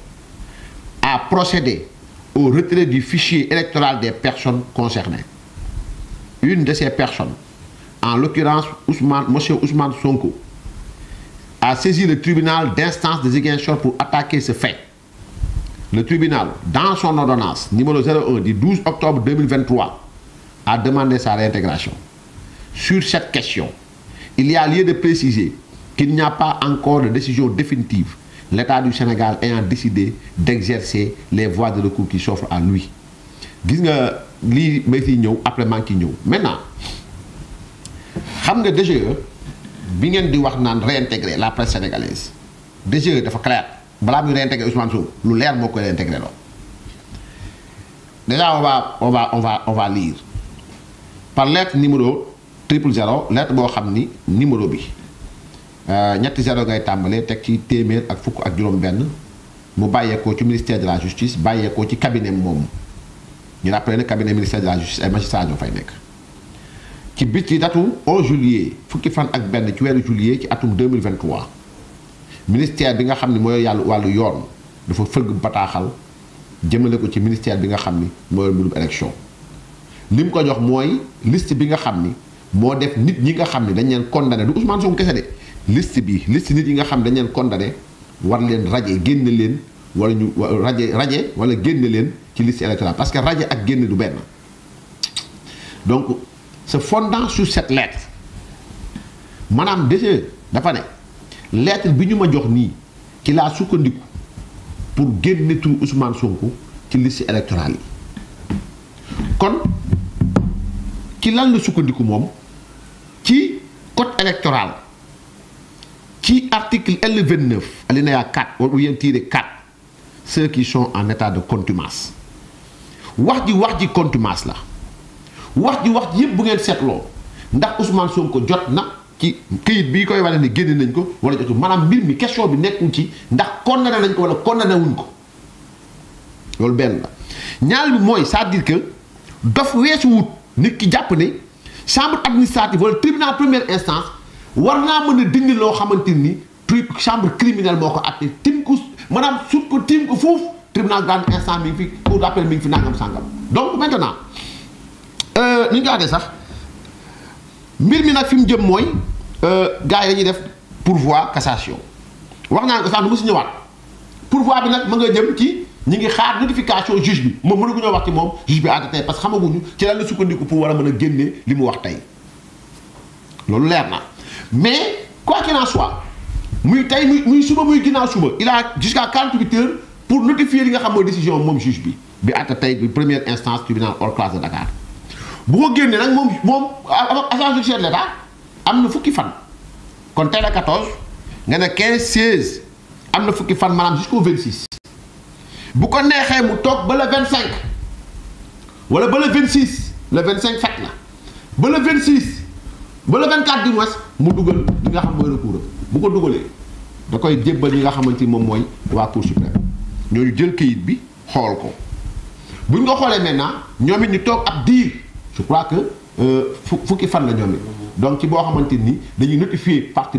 a procédé au retrait du fichier électoral des personnes concernées. Une de ces personnes, en l'occurrence M. Ousmane Sonko, a saisi le tribunal d'instance de pour attaquer ce fait le tribunal, dans son ordonnance numéro 01 du 12 octobre 2023, a demandé sa réintégration. Sur cette question, il y a lieu de préciser qu'il n'y a pas encore de décision définitive, l'État du Sénégal ayant décidé d'exercer les voies de recours qui s'offrent à lui. après maintenant xam nga DGE bi ngeen réintégrer la presse sénégalaise DGE dafa clair balaa muy réintégrer Ousmane Sonko lu leer moo koy réintégrer lool déjà on va on va on va on va lire par lettre numéro triple zéro lettre boo xam ni numéro bi euh, ñetti zéro ngay tàmbalee teg ci téeméer ak fukk ak juróom-benn mu bàyyeekoo ci ministère de la justice bàyyeekoo ci cabinet moom ñu rappelé ne cabinet ministère de la justice ay magistrat ñoo fay nekk. ci bis ci datu 11 juillet fukki fan ak benn ci weeru juillet ci atum 2023. ministère bi nga xam ni mooy yàlla wàllu yoon dafa fëgg bataaxal jëmale ko ci ministère bi nga xam ni mooy mbirum élection li mu ko jox mooy liste bi nga xam ni moo def nit ñi nga xam ni dañ leen condamné du Ousmane Sonko kese de liste bi liste nit yi nga xam dañ leen condamné war leen raje génn leen wala ñu raje raje wala génn leen ci liste électorale parce que raje ak génn du benn donc se fondant sur cette lettre maanaam déjà dafa ne lettre bi ñu ma jox nii ci laa sukkandiku pour génne tur Ousmane Sonko ci liste électorale yi kon ci lan la sukkandiku moom ci code électoral ci article L29 alinéa 4 ou bien tiré 4 ceux qui sont en état de contumace wax ji wax ji contumace la wax ji wax ji yëpp bu ngeen seetloo ndax Ousmane Sonko jot na. ci këyit bii koy wane ne génne nañ ko wala jotu maanaam mbir mi question bi nekkul ci ndax na nañ ko wala condamné wuñ ko loolu benn la ñaar bi mooy cest à dof weesu wut nit ki jàpp ne chambre administrative wala tribunal première instance war naa mën a dindi loo xamante ni chambre criminelle moo ko atte tim ko maanaam sut ko tim ko foofu tribunal grande instance mi ngi fi cour d'appel mi fi nangam sangam donc maintenant euh, ni ñu ko waxee sax mbir mi nag fi mu jëm mooy. Euh, gars yi def pourvoi cassation wax naa ko sax du ma si ñëwaat pourvoi bi nak ma nga jëm ci ñi ngi xaar notification juge bi mo mënu ñu wax ci mom juge bi àtte tay parce que xamaguñu ci lan la sukkandiku pour wara mëna génné limu wax tay lolu leer na mais quoi qu'il en soit muy tay muy suba muy ginnaaw suba il a jusqu'à 48 heures pour notifier li nga xam mo décision mom juge bi bi àtte tay bi première instance tribunal hors classe de Dakar bu ko génné nak mom mom agent judiciaire de l'État amna fukki fan kon tey la 14 nga ne 15 16 amna fukki fan manam jusqu'au 26 bu ko nexé mu tok ba le 25 wala ba le 26 le 25 fat la ba le 26 ba le 24 du mois mu dugal li nga xam moy recours bu ko dugalee da koy djébal ñi nga xamante mom moy wa waa cour suprême ñooñu jël kayit bi xol ko buñ ñu ko xoolee maintenant ñoom it ñu toog ab diir je crois que euh, fukki fan la ñoom donc ci bo xamanteni dañuy notifier parti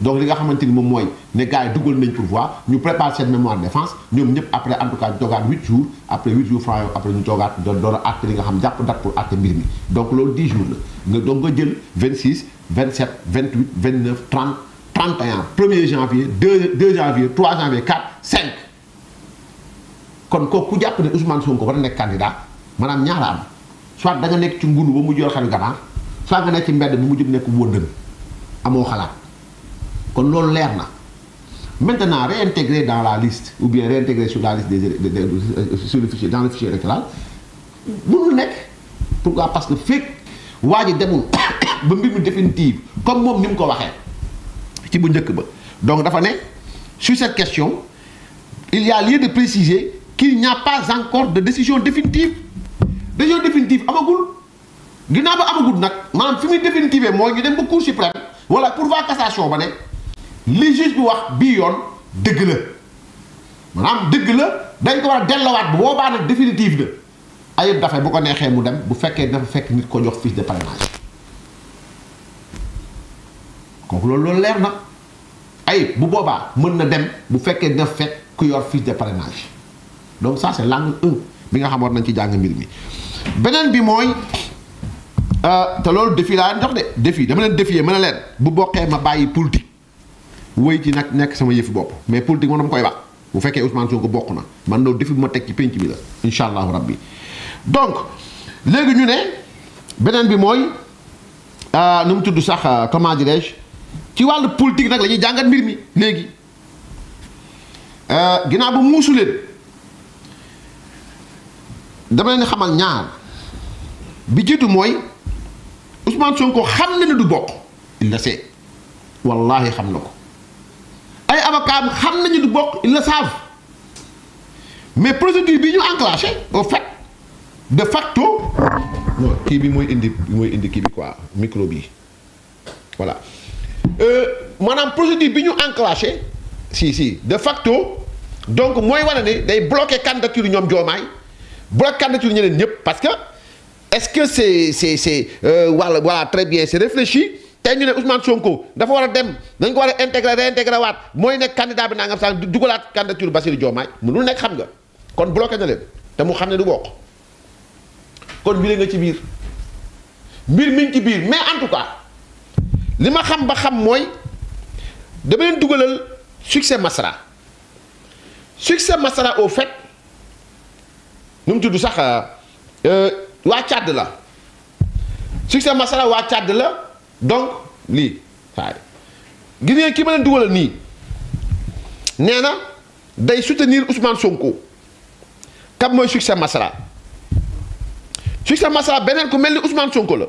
donc li nga xamanteni mom moy né gaay duggal nañ pour nañ ñu prépare cette mémoire de défense ñom ñep après en tout cas 8 jours après 8 jours après ñu jours do a acte li nga xam japp date pour acte mbir donc loolu 10 jours la nga donc nga jël 26 27 28 29 30 31 1er janvier 2 2 janvier 3 janvier 4 5 kon si ku japp Ousmane Sonko war a candidat manam ñaara soit da nga nek ci ngul mu jor soit nga nekk ci mbedd mi mu jóg nekk de amo xalaat kon loolu leer na maintenant réintégrer dans la liste ou bien réintégrer sur la liste des sur le fichier dans le fichier électoral mënul nek pourquoi parce que fek waa demul ba mbir mi définitive comme moom ni mu ko waxee ci bu njëkk ba donc dafa ne sur cette question il y a lieu de préciser qu'il n'y a pas encore de décision définitive décision définitive amagul dinaa ba amagut nag maanaam fi muy définitive mooy ñu dem ba cour suprême wala pourvoi cassation ba ne li juge bi wax bii yoon dëgg la maanaam dëgg la dañ ko war a dellowaat bu boobaa nag définitive la Ayib Daffé bu ko neexee mu dem bu fekkee dafa fekk nit ko jox fiche de parrainage kooku loolu loolu leer na Ayib bu boobaa mën na dem bu fekkee dafa fekk ku yor fiche de parrainage donc ça c'est l'angle bi nga xamoon nañ ci jàng mbir mi beneen bi mooy. Euh, te loolu defi laa jox de défi dama leen défier mën a leen bu bokkee ma bàyyi politique wéy ci nag nekk sama yëfi bopp mais politique moom dama koy wax bu fekkee Ousmane Sonko bokk na man loolu défi bu ma teg ci pénc bi la incha allahu rabbi donc léegi ñu ne beneen bi mooy euh, nu mu tudd sax euh, comment dirais ci wàllu politique nag la jàngat mbir mi léegi ginnaaw ba muusu leen dama leen xamal ñaar bi jiitu mooy. Ousmane Sonko xam na ne du bokk il le sait wallaahi xam na ko ay avocats xam nañu du bokk ils le savent mais procédure bi ñu enclenché au fait de facto kii bi mooy indi mooy indi kii bi quoi micro bi voilà euh, maanaam procédure bi ñu enclenché si si de facto donc mooy wane ne day bloqué candidature ñoom joomaay bloqué candidature ñeneen ñëpp parce est-ce que c'est c'est c'est euh, voilà voilà très bien c'est réfléchi tey ñu ne Ousmane Sonko dafa war a dem dañ ko wara intégrer intégré réintégré waat mooy nekk candidat bi nangam sax dugulat candidature Bassirou Diomaye mënul nekk xam nga kon bloqué na leen te mu xam ne du bokk kon mbir nga ci bir. Bir miñ ci bir, mais en tout cas li ma xam ba xam mooy dama len dugalal succès Masra succès Masra au fait num mu sax euh, euh waa càdd la succès masala waa càdd la donc lii waaye gis ngeen ma leen dugalal nii nee na day soutenir Ousmane Sonko kam mooy succès masala succès masala beneen ku mel ni Ousmane Sonko la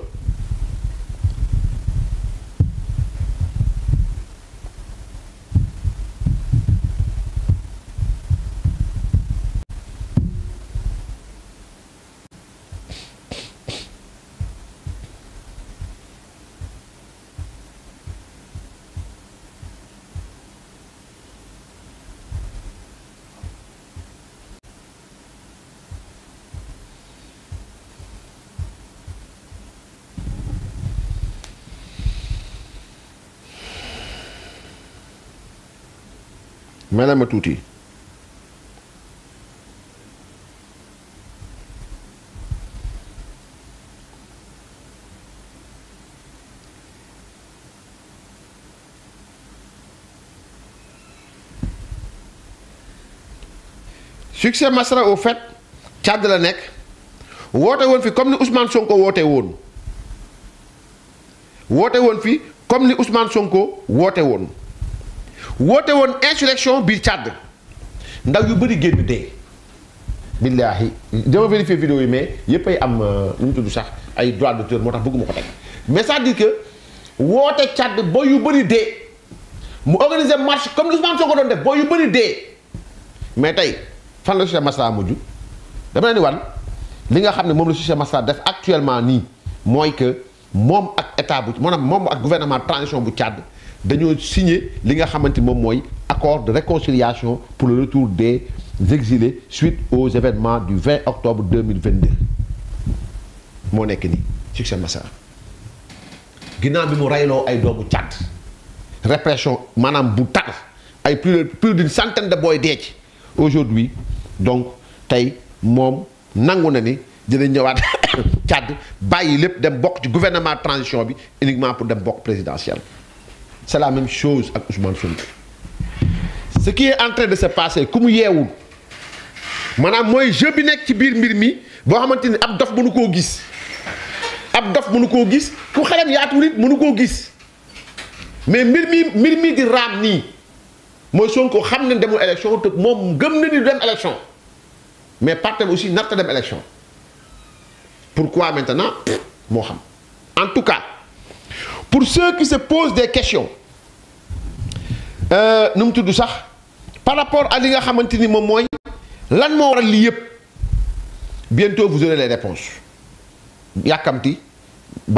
mela ma tuuti succès Masra au fait Tchad la nekk woote woon fi comme ni Ousmane Sonko woote woon woote woon fi comme ni Ousmane Sonko woote woon woote woon insurrection bi Tchad ndaw yu bëri génn dee. billaahi dama vérifier vidéo yi mais yëpp ay am euh, nu mu tudd sax ay droit d'auteur moo tax bëgguma ko teg mais c'est-à-dire woote Tchad boo yu bëri dee mu organiser marché comme Ousmane Sonko doon def boo yu bëri dee mais tey fan la Cissé Massa mujj dama ne di wan li nga xam ne moom la Cissé Massa def actuellement nii mooy que moom ak état bu maanaam moom ak gouvernement transition bu Tchad. dañoo signé li nga xamante accord de réconciliation pour le retour des exilés suite aux événements du 20 octobre 2022 moo nekk nii Succès Massara ginnaaw bi mu reyloo ay au Tchad répression maanaam bu a ay plus plus d'une centaine de booy dee aujourd'hui donc tey mom nangu je ni dina ñëwaat Tchad bàyyi lépp dem bok ci gouvernement transition bi uniquement pour dem bok présidentiel c'est la même chose avec Ousmane Sonko ce qui est en train de se passer comme mu yeewul maanaam mooy jeu bi nekk ci biir mbir mi boo xamante ab dof gis ab dof gis ku xelam yaatu nit mënu koo gis mais Mirmi mi mbir mi di raam nii mooy Sonko xam ne demul élection te moom gëm ni du dem élection mais partem aussi narta dem élection pourquoi maintenant moo xam en tout cas pour ceux qui se posent des questions nous tout ça par rapport à ce que xamante ni dit lan bientôt vous aurez les réponses Yakamti, y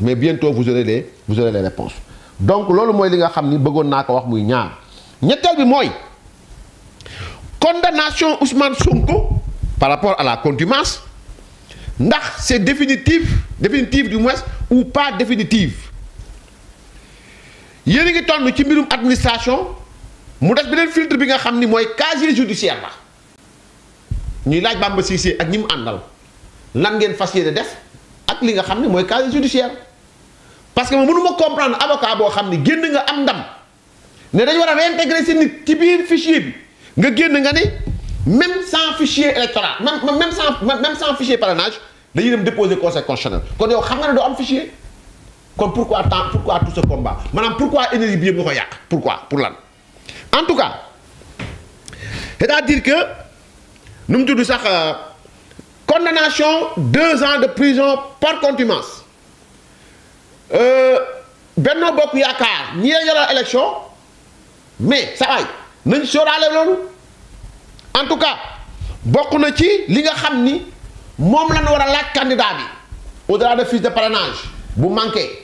mais bientôt vous aurez les vous aurez les réponses donc lolo moy li nga xam ni bëggoon wax muy bi moy. condamnation Ousmane Sonko par rapport à la contumace c'est définitif définitive du moins ou pas définitive yéen a ngi toll ci mbirum administration mu def beneen filtre bi nga xam ni mooy casier judiciaire la ñuy laaj Bamba Cissé ak ñi mu àndal lan ngeen fas yéene def ak li nga xam ne mooy casier judiciaire parce que ma mënu comprendre avocat boo xam ne génn nga am ndam ne dañu war a réintégrer seen nit ci biir fichier bi nga génn nga ne même sans fichier électoral même même sans même sans fichier parrainage dañuy dem déposer conseil constitutionnel kon yow xam nga ne doo am fichier. kon pourquoi tant pourquoi tout ce combat maanaam pourquoi énergie bi yëpp nga ko yàq pourquoi pour lan en tout cas c'est-à-dire que nu mu tudd sax euh, condamnation deux ans de prison par contumace euh, Benno Bokk Yaakaar ñi la yoral mais sa waay nañ sóoraale loolu en tout cas bokk na ci li nga xam ni moom lañ war a laaj candidat bi au-delà de fiche de parrainage bu manqué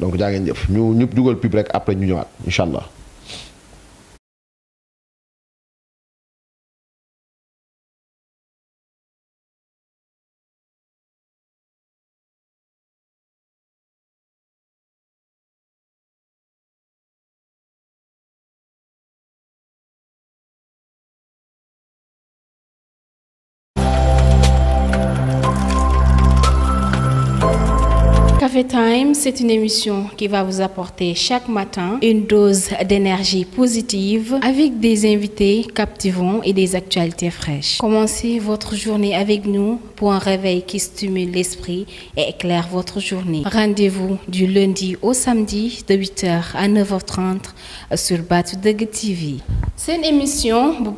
donc jaa ngeen ñu ñëpp dugal pub rek après ñu ñëwaat incha allah. Time, c'est une émission qui va vous apporter chaque matin une dose d'énergie positive avec des invités captivants et des actualités fraîches. Commencez votre journée avec nous pour un réveil qui stimule l'esprit et éclaire votre journée. Rendez-vous du lundi au samedi de 8h à 9h30 sur Batu TV TV. une émission bu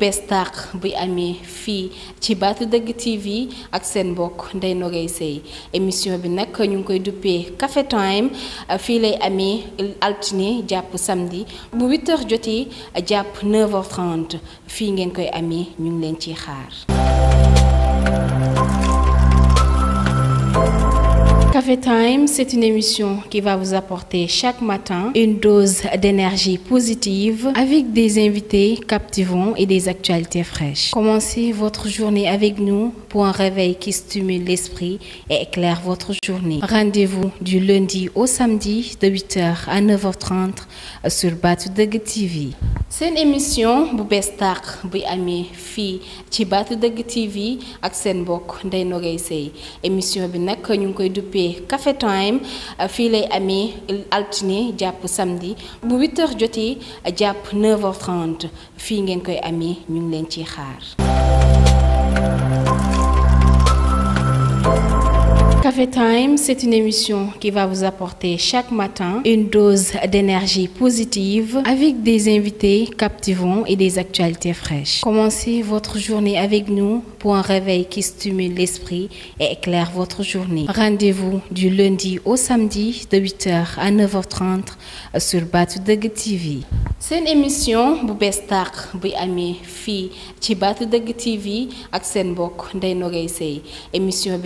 TV ak seen émission bi Café Time à euh, lay ami altine samedi bu 8h jotee japp 9h30 fi ngeen koy ñu ngi Time, c'est une émission qui va vous apporter chaque matin une dose d'énergie positive avec des invités captivants et des actualités fraîches. Commencez votre journée avec nous pour un réveil qui stimule l'esprit et éclaire votre journée. Rendez-vous du lundi au samedi de 8h à 9h30 sur Batu Deug TV. une émission bu TV ak seen émission bi café time euh, fii lay amee altine samedi bu 8h japp 9h30 fi ngeen koy amee ñu ngi len ci xaar. Time, c'est une émission qui va vous apporter chaque matin une dose d'énergie positive avec des invités captivants et des actualités fraîches. Commencez votre journée avec nous pour un réveil qui stimule l'esprit et éclaire votre journée. Rendez-vous du lundi au samedi de 8h à 9h30 sur Batu TV TV. une émission bu TV ak seen émission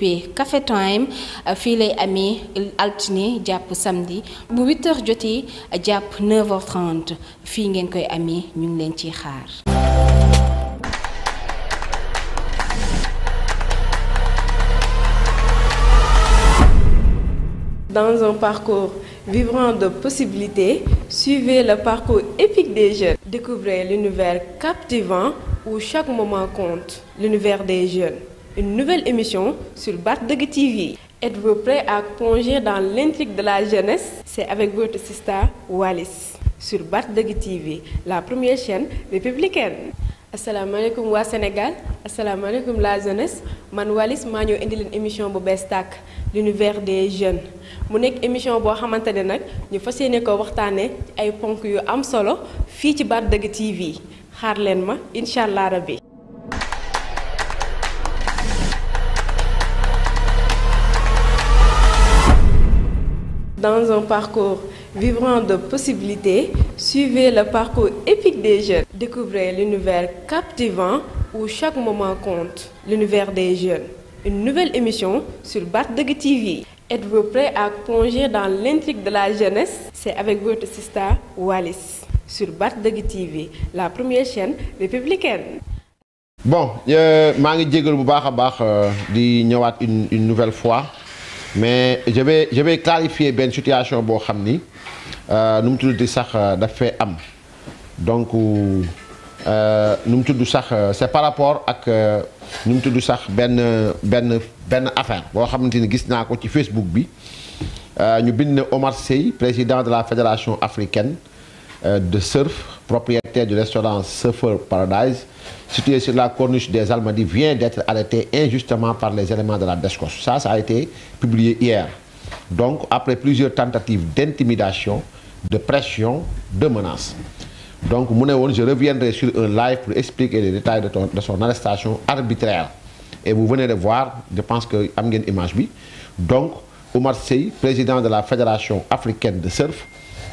bi Café Time euh, fii lay Altini, altine samedi bu 8h joti euh, jàpp 9h30 fi ngeen koy ñu ngi dans un parcours vibrant de possibilités, suivez le parcours épique des jeunes. Découvrez l'univers captivant où chaque moment compte, l'univers des jeunes une nouvelle émission sur Bartdeg TV. Êtes-vous prêt à plonger dans l'intrigue de la jeunesse C'est avec votre sister Wallis sur Bartdeg TV, la première chaîne républicaine. alaikum wa Sénégal alaikum la jeunesse man Wallis maa ñëw indi leen émission bu bestak l'univers des jeunes mu nek émission bo xamante nak ñu fas ko waxtaanee ay ponk yu am solo fi ci Bartdeg TV Xar leen ma inshallah rabbi dans un parcours vivant de possibilités, suivez le parcours épique des jeunes. Découvrez l'univers captivant où chaque moment compte, l'univers des jeunes. Une nouvelle émission sur Batdeg TV. Êtes-vous prêt à plonger dans l'intrigue de la jeunesse C'est avec votre sister Wallis sur Batdeg TV, la première chaîne républicaine. Bon, je suis de vous une nouvelle fois mais je vais je vais clarifier bien situation bo xamni euh nu mu sax euh, da fee am donc euh mu tudd sax euh, c'est par rapport ak euh, nous mu sax ben ben ben affaire bo xamante ni gis naa ci Facebook bi ñu bind Omar Sey président de la fédération africaine de surf propriétaire du restaurant Surfer Paradise situé sur la corniche des Almadies vient d'être arrêté injustement par les éléments de la DESCOS. Ça, ça a été publié hier. Donc, après plusieurs tentatives d'intimidation, de pression, de menace. Donc, je reviendrai sur un live pour expliquer les détails de, son arrestation arbitraire. Et vous venez de voir, je pense que Amgen Image Donc, Omar Sey, président de la Fédération africaine de surf,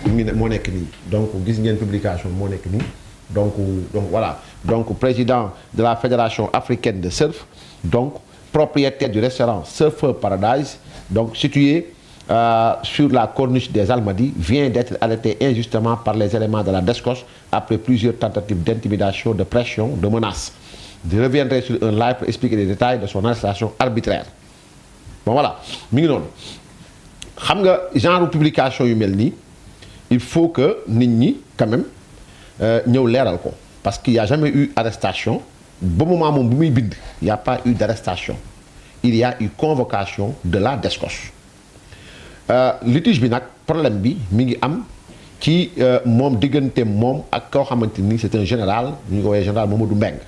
donc une publication de donc euh, donc voilà donc président de la fédération africaine de surf donc propriétaire du restaurant Surfer Paradise donc situé euh, sur la corniche des Almadies vient d'être arrêté injustement par les éléments de la DESCOS après plusieurs tentatives d'intimidation, de pression, de menaces. Je reviendrai sur un live pour expliquer les détails de son arrestation arbitraire. Bon voilà, mignon. vous nga genre publication yu il faut que Nous, quand même euh, ñëw leeral ko parce qu'il n'y a jamais eu arrestation bon moment moom bu muy bind il n'y a pas eu d'arrestation il y a eu convocation de la DSCOS euh, litige bi nag problème bi mi ngi am ci euh, moom diggante moom ak koo xamante c'est un général ñu général Mamadou Mbeng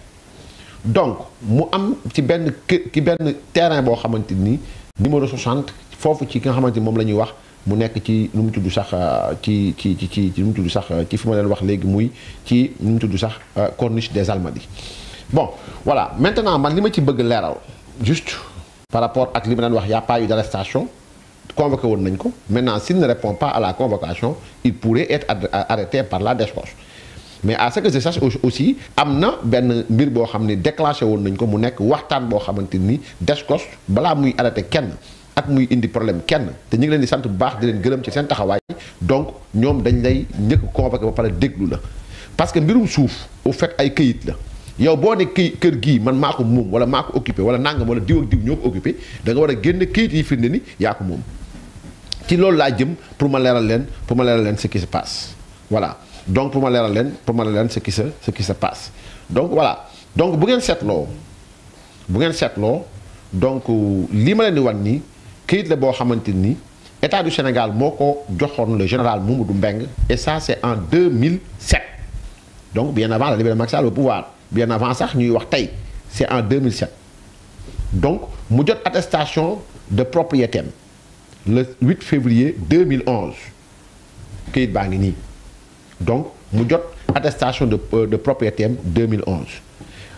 donc mu am ci ben terrain bo xamante numéro 60 foofu ci ki nga xamante ni moom la wax mu nekk ci nu mu tudd sax euh, ci ci ci ci nu mu tudd sax ci euh, fi ma leen wax léegi muy ci nu mu tudd sax euh, corniche des Almadies bon voilà maintenant man li ma ci bëgg leeral juste par rapport ak li ma leen wax y a pas eu d'arrestation convoqué woon nañ ko maintenant s'il ne répond pas à la convocation il pourrait être arrêté par la DSCOS mais à ce que je sache aussi am na benn mbir boo xam ne déclenché woon nañ ko mu nekk waxtaan boo xamante ni DSCOS balaa muy arrêté kenn ak muy indi problème kenn te ñu ngi leen di sant bu baax di leen gërëm ci seen taxawaay donc ñoom dañ lay njëkk convoqué ba pare déglu la parce que mbirum suuf au fait ay këyit la yow boo ne këy kër gii man maa ko moom wala maa ko occupé wala nangam wala diw ak diw ñoo ko occupé da war a génn këyit yi firnde ni yaa ko moom ci loolu laa jëm pour ma leeral leen pour ma leeral leen ce qui se voilà donc ma leeral leen pour ma leeral leen ce qui se ce donc voilà donc bu ngeen seetloo bu ngeen seetloo donc li ma leen nii la état du Sénégal Moko le général Moumoudou et ça c'est en 2007 donc bien avant le développement au pouvoir bien avant ça, ñuy wax en 2007 donc mu jot attestation de propriété le 8 février 2011 Donc, ba donc mu attestation de euh, propriété 2011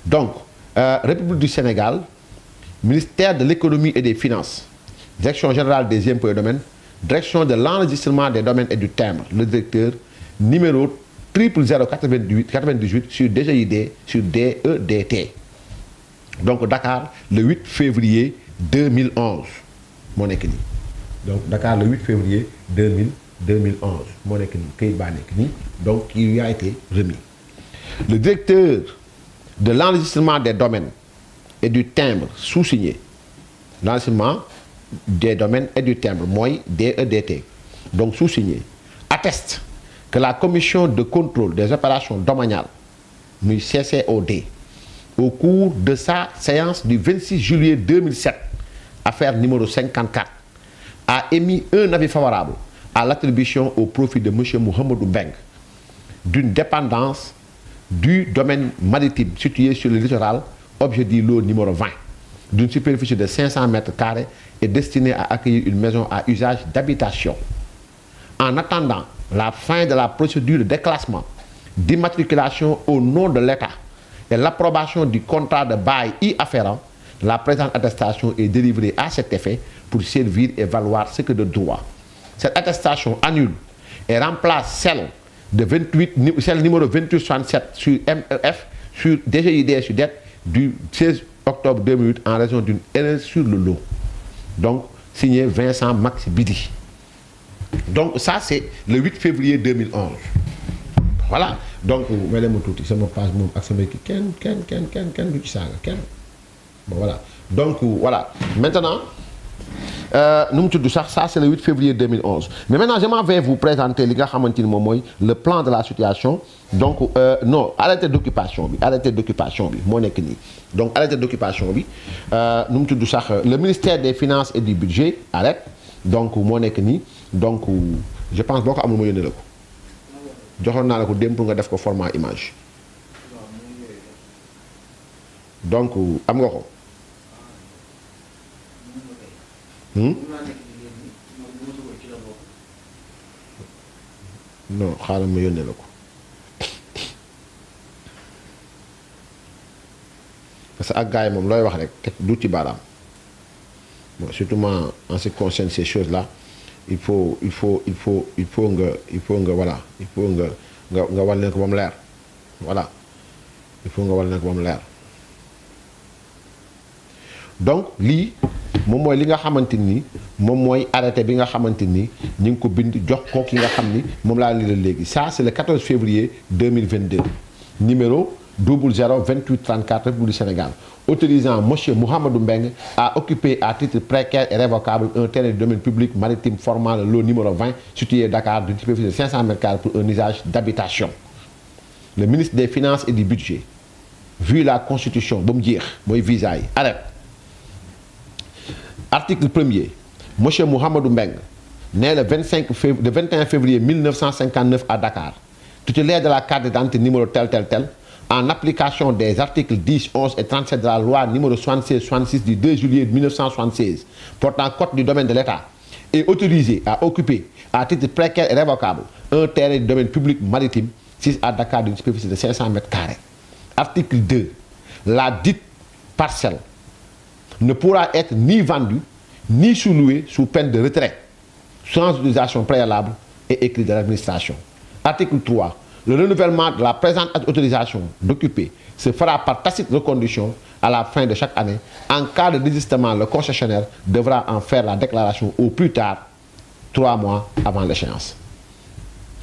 donc euh, République du Sénégal ministère de l'Économie et des finances direction générale des impôts et domaines, direction de l'enregistrement des domaines et du timbre, le directeur, numéro 00098 98 sur DGID sur DEDT. Donc Dakar, le 8 février 2011, mon Donc Dakar, le 8 février 2000, 2011, mon donc il lui a été remis. Le directeur de l'enregistrement des domaines et du timbre sous-signé, l'enregistrement des domaines et du timbre MOI DEDT donc sous-signé atteste que la commission de contrôle des opérations domaniales MUCCOD, CCOD au cours de sa séance du 26 juillet 2007 affaire numéro 54 a émis un avis favorable à l'attribution au profit de monsieur Mohamedou Beng d'une dépendance du domaine maritime situé sur le littoral objet du lot numéro 20 d'une superficie de 500 mètres carrés est destiné à accueillir une maison à usage d'habitation. En attendant la fin de la procédure de déclassement, d'immatriculation au nom de l'État et l'approbation du contrat de bail y afférent, la présente attestation est délivrée à cet effet pour servir et valoir ce que de droit. Cette attestation annule et remplace celle, de 28, celle numéro 2867 sur MRF sur DGID e du 16 octobre 2008 en raison d'une erreur sur le lot donc signé Vincent Max Bidi. Donc ça, c'est le 8 février 2011. Voilà. Donc, c'est oh, mon passe mon Ken, ken, ken, ken, ken, ken. Bon, voilà. Donc, voilà. Maintenant, euh, nu sax ça c'est le 8 février 2011 mais maintenant je vais vous présenter le plan de la situation donc euh, non arrêté d'occupation arrêtez d'occupation donc arrêtez d'occupation bi sommes euh, tous le ministère des finances et du budget arrête donc donc je pense que ko amul ma yónnee la ko nga format image donc am nga ko. Hmm? non xaaral ma yónnee la parce que ak gars yi moom wax rek du ci bon surtout moi en ce qui concerne ces choses là il faut il faut il faut il faut nga il faut nga voilà il faut nga nga nga war leen ko ba mu leer voilà il faut nga wal leen bam leer donc ça c'est le 14 février 2022 numéro 002834 du Sénégal autorisant M. Mohamed Mbeng à occuper à titre précaire et révocable un terrain de domaine public maritime formant le numéro 20 situé à Dakar d'une superficie de 500 mètres pour un usage d'habitation le ministre des Finances et du Budget vu la constitution ba mu jeex visaille article 1er, M. Mohamed Mbeng né le 21 février 1959 à Dakar titulaire de la carte d'identité numéro tel tel tel en application des articles 10, 11 et 37 de la loi numéro 76-66 du 2 juillet 1976 portant code du domaine de l'État est autorisé à occuper à titre précaire et révocable un terrain du domaine public maritime 6 à Dakar d'une superficie de 500 mètres carrés. Article 2. La dite parcelle ne pourra être ni vendu, ni sous-loué sous peine de retrait, sans utilisation préalable et écrite de l'administration. Article 3. Le renouvellement de la présente autorisation d'occuper se fera par tacite recondition à la fin de chaque année. En cas de désistement, le concessionnaire devra en faire la déclaration au plus tard, trois mois avant l'échéance.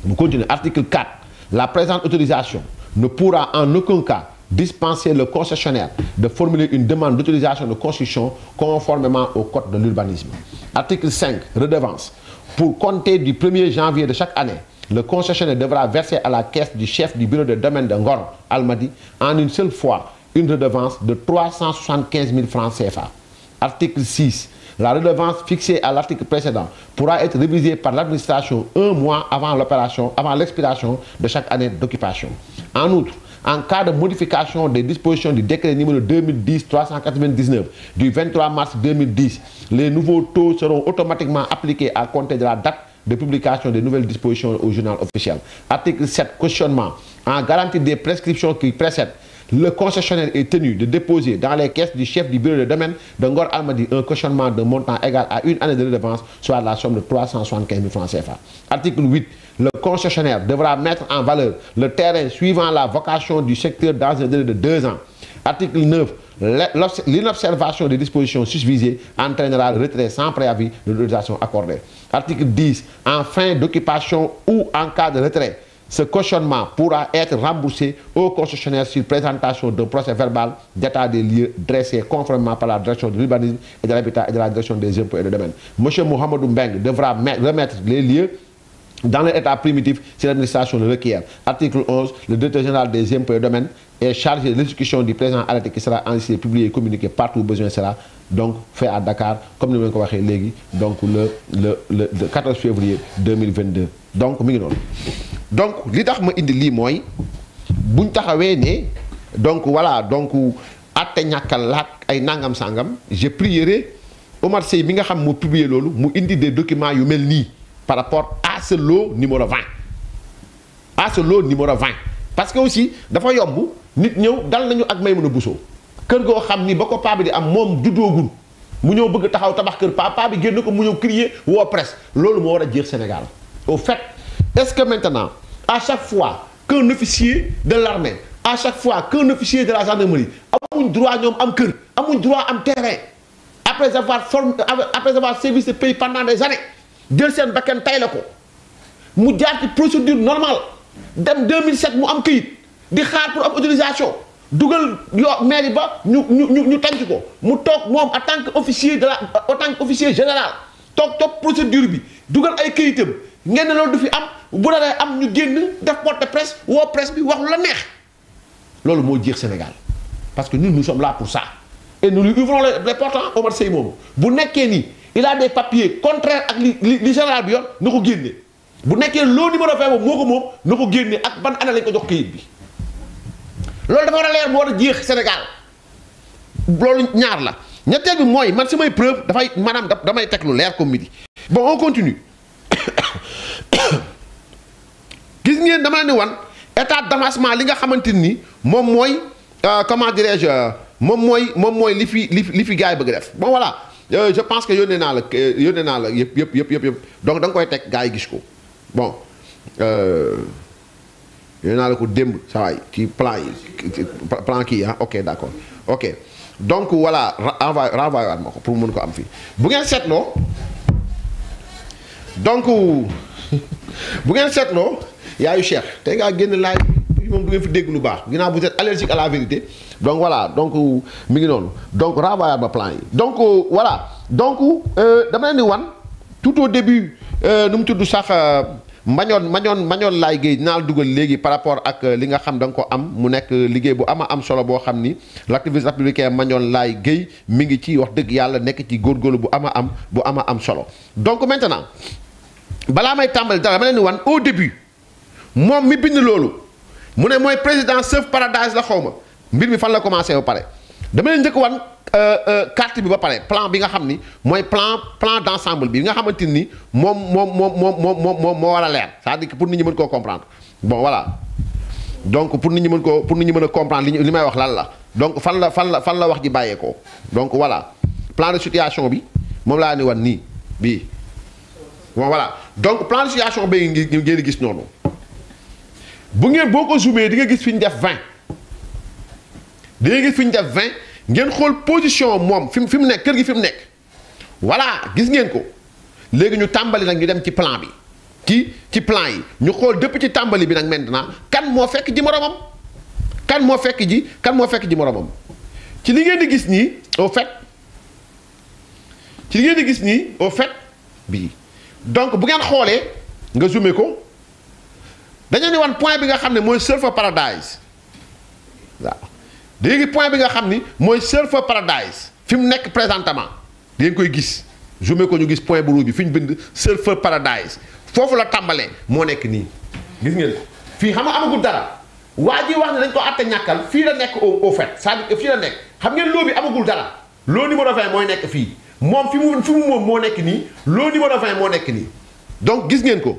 Nous continuons. Article 4. La présente autorisation ne pourra en aucun cas dispenser le concessionnaire de formuler une demande d'utilisation de construction conformément au code de l'urbanisme. Article 5, redevance. Pour compter du 1er janvier de chaque année, le concessionnaire devra verser à la caisse du chef du bureau de domaine d'Angor, Almadi, en une seule fois, une redevance de 375 000 francs CFA. Article 6. La redevance fixée à l'article précédent pourra être révisée par l'administration un mois avant l'expiration de chaque année d'occupation. En outre, en cas de modification des dispositions du décret numéro 2010-399 du 23 mars 2010, les nouveaux taux seront automatiquement appliqués à compter de la date de publication des nouvelles dispositions au journal officiel. Article 7, cautionnement. En garantie des prescriptions qui précèdent le concessionnaire est tenu de déposer dans les caisses du chef du bureau de domaine de Ngor Almadi un cautionnement de montant égal à une année de redevance, soit la somme de 375 000 francs CFA. Article 8. Le concessionnaire devra mettre en valeur le terrain suivant la vocation du secteur dans un délai de deux ans. Article 9. L'inobservation des dispositions susvisées entraînera le retrait sans préavis de l'autorisation accordée. Article 10. En fin d'occupation ou en cas de retrait, ce cautionnement pourra être remboursé au concessionnaire sur présentation de procès verbal d'état des lieux dressés conformément par la direction de l'urbanisme et de l'habitat et de la direction des impôts et de domaines. M. Mohamedou Mbeng devra remettre les lieux dans l'état primitif si l'administration le requiert. Article 11, le directeur général des impôts et domaines est chargé de l'exécution du présent arrêté qui sera ainsi publié et communiqué partout où besoin sera donc fait à Dakar, comme nous l'avons dit, donc le, le, le, 14 février 2022. Donc, nous donc li ma indi li moy buñ taxawé donc voilà donc sangam je prierai Omar Sey bi nga xam publier mu indi des documents yu par rapport à ce lot numéro 20 à ce lot numéro 20 parce que aussi dafa yomb nit ñew dal nañu ak busso kër go xam ni bako di am mu bëgg taxaw bi ko presse war Sénégal au fait est-ce que maintenant, à chaque fois qu'un officier de l'armée, à chaque fois qu'un officier de la gendarmerie a un droit à un cœur, a un droit à un terrain, après avoir, après avoir servi ce pays pendant des années, deux semaines, bakkan tay la mu jaar procédure normale dem 2007 mu am këyit di xaar pour am autorisation dugal yoo mairie ba ñu ñu ñu tànc ko mu toog moom en tant que officier de la en dit que officier général toog toog procédure bi dougal ay këyitam ngeen ne loolu du fi am bu naree am ñu génn def porte presse woo presse bi wax lu la neex loolu moo jeex Sénégal parce que ñun nous sommes là pour ça et nous lui ouvrons les portes hein, Omar Seye moomu bu nekkee ni il a des papiers contraires ak li li général bi yor na ko génne bu nekkee loo numéro vingt boobu moo ko moom na ko génne ak ban ana lañ ko jox kayit bi loolu dafa war a leer mu war a jeex Sénégal loolu ñaar la ñetteel bi mooy man samay preuve dafay maanaam damay teg lu leer comme midi bon on continue gis ngeen dama ne wan état d'avancement li nga xamante ni moom mooy euh, comment dirais-je moom mooy moom mooy li fi li li fi gars yi bëgg def bon voilà euh, je pense que yone naa la yónnee naa la euh, yëpp yëpp yëpp yëpp donc da nga koy teg gars gis ko bon yónnee naa la ko démb saa kii ci yi plan kii ah ok d'accord ok donc voilà renvoyé renvoyé waat ma ko pour mën ko am fii bu ngeen seetloo donc bu ngeen seetloo. yaayu Cheikh tey ngaa génn laaj moom du fi dégg lu baax ginnaaw vous êtes allergique à la vérité donc voilà donc euh, mi ngi donc renvoyé ba plan donc euh, voilà donc euh, dama leen di tout au début nous mu tudd sax manion, manion, mañoon laay géej naal dugal par rapport ak li nga xam da ko am mu nekk liggéey bu ama am solo bo xam l'activiste républicain mañoon laay géej mi ngi ci wax dëgg yàlla nekk ci góorgóorlu bu ama am bu ama am solo donc maintenant balaa may tàmbali dama leen di au début mom mi bind lolu mune moy président chef Paradise la xawma mbir mi fan la commencé ba pare dama leen njëkk wan euh, euh, carte bi ba pare plan bi nga xamni moy plan plan d'ensemble bi nga xamante ni mom mom mom moom moom moom moo war a leer c'est-à-dire que pour nit ñi mën ko comprendre bon voilà donc pour nit ñi mën ko pour nit ñi mëna comprendre li may wax lan la donc fan la fan la fan la wax ji ko donc voilà plan de situation bi mom la ni wan ni bi bon voilà donc plan de situation bi ngeen gis noonu bu ngeen boo ko zoomé di nga gis fi ñu def 20 di nga gis fi ñu def 20 ngeen xool position moom fi fi mu nekk kër gi fi mu nekk voilà gis ngeen ko léegi ñu tàmbali nag ñu dem ci plan bi ci ci plan yi ñu xool depuis ci tàmbali bi nag maintenant kan moo fekk ji moromam kan moo fekk ji kan moo fekk ji moromam ci li ngeen di gis nii au fait ci li ngeen di gis nii au fait bii donc bu ngeen xoolee nga zoomé ko. dañu ne wan point bi nga xam ne mooy surfer paradise léegi point bi nga xam ni mooy surfer paradise fi mu nekk présentement dangeen koy gis zoomé ko ñu gis point bu rouge bi fi ñu bind surfer paradise foofu la tàmbalee moo nekk nii gis ngeen ko fii xam nga amagul dara waa ji wax ne dañ ko àtte ñàkkal fii la nekk au au fait cest fii la nekk xam ngeen loo bi amagul dara loo numéro 20 mooy nekk fii moom fi mu fi mu moom moo nekk nii loo numéro 20 moo nekk nii donc gis ngeen ko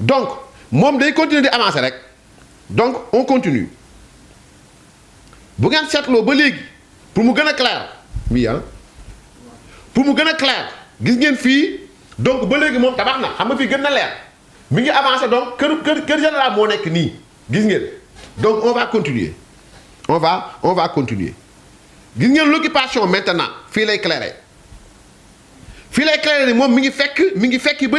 donc mom day continuer di avancer donc on continue bu ba légui pour mu clair Oui, hein. Ah, pour mu gëna clair gis ngeen Vous donc ba légui mom tabaxna xam nga fi gën na avancer donc keur keur général mo gis donc on va continuer on va on va continuer gis ngeen l'occupation maintenant fi lay éclairer. Fi lay éclairer mom fekk mi fekk ba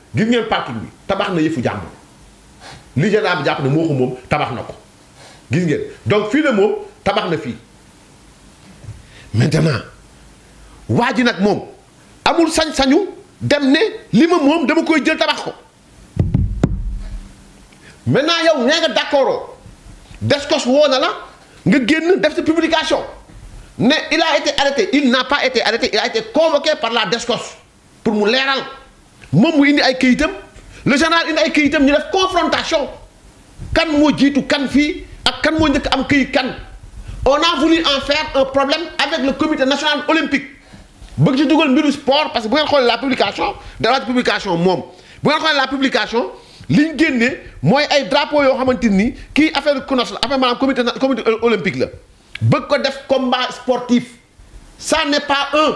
gis ngeen parking bi tabax na yëfu jàmm li général bi jàpp ne moo ko moom tabax na ko gis ngeen donc fii la moom tabax na fii maintenant waa ji nag moom amul sañ-sañu dem ne li ma moom dama koy jël tabax ko maintenant yow nee nga d'accord Descos woo na la nga génn def sa publication ne il a été arrêté il n'a pas été arrêté il a été convoqué par la Descos pour mu leeral moom mu indi ay kayitam le général indi ay kayitam ñu def confrontation kan mo jitu kan fi ak kan mo njëkk am këyit kan on a voulu en faire un problème avec le comité national olympique bëgg ci duggal mbiru sport parce que bu ngeen xol la publication la publication mom bu ngeen xol la publication liñu ñu moy ay drapeau yo xamanteni ki affaire CNOSS la affaire maanaam comité comité olympique la bëgg ko def combat sportif ça n'est pas un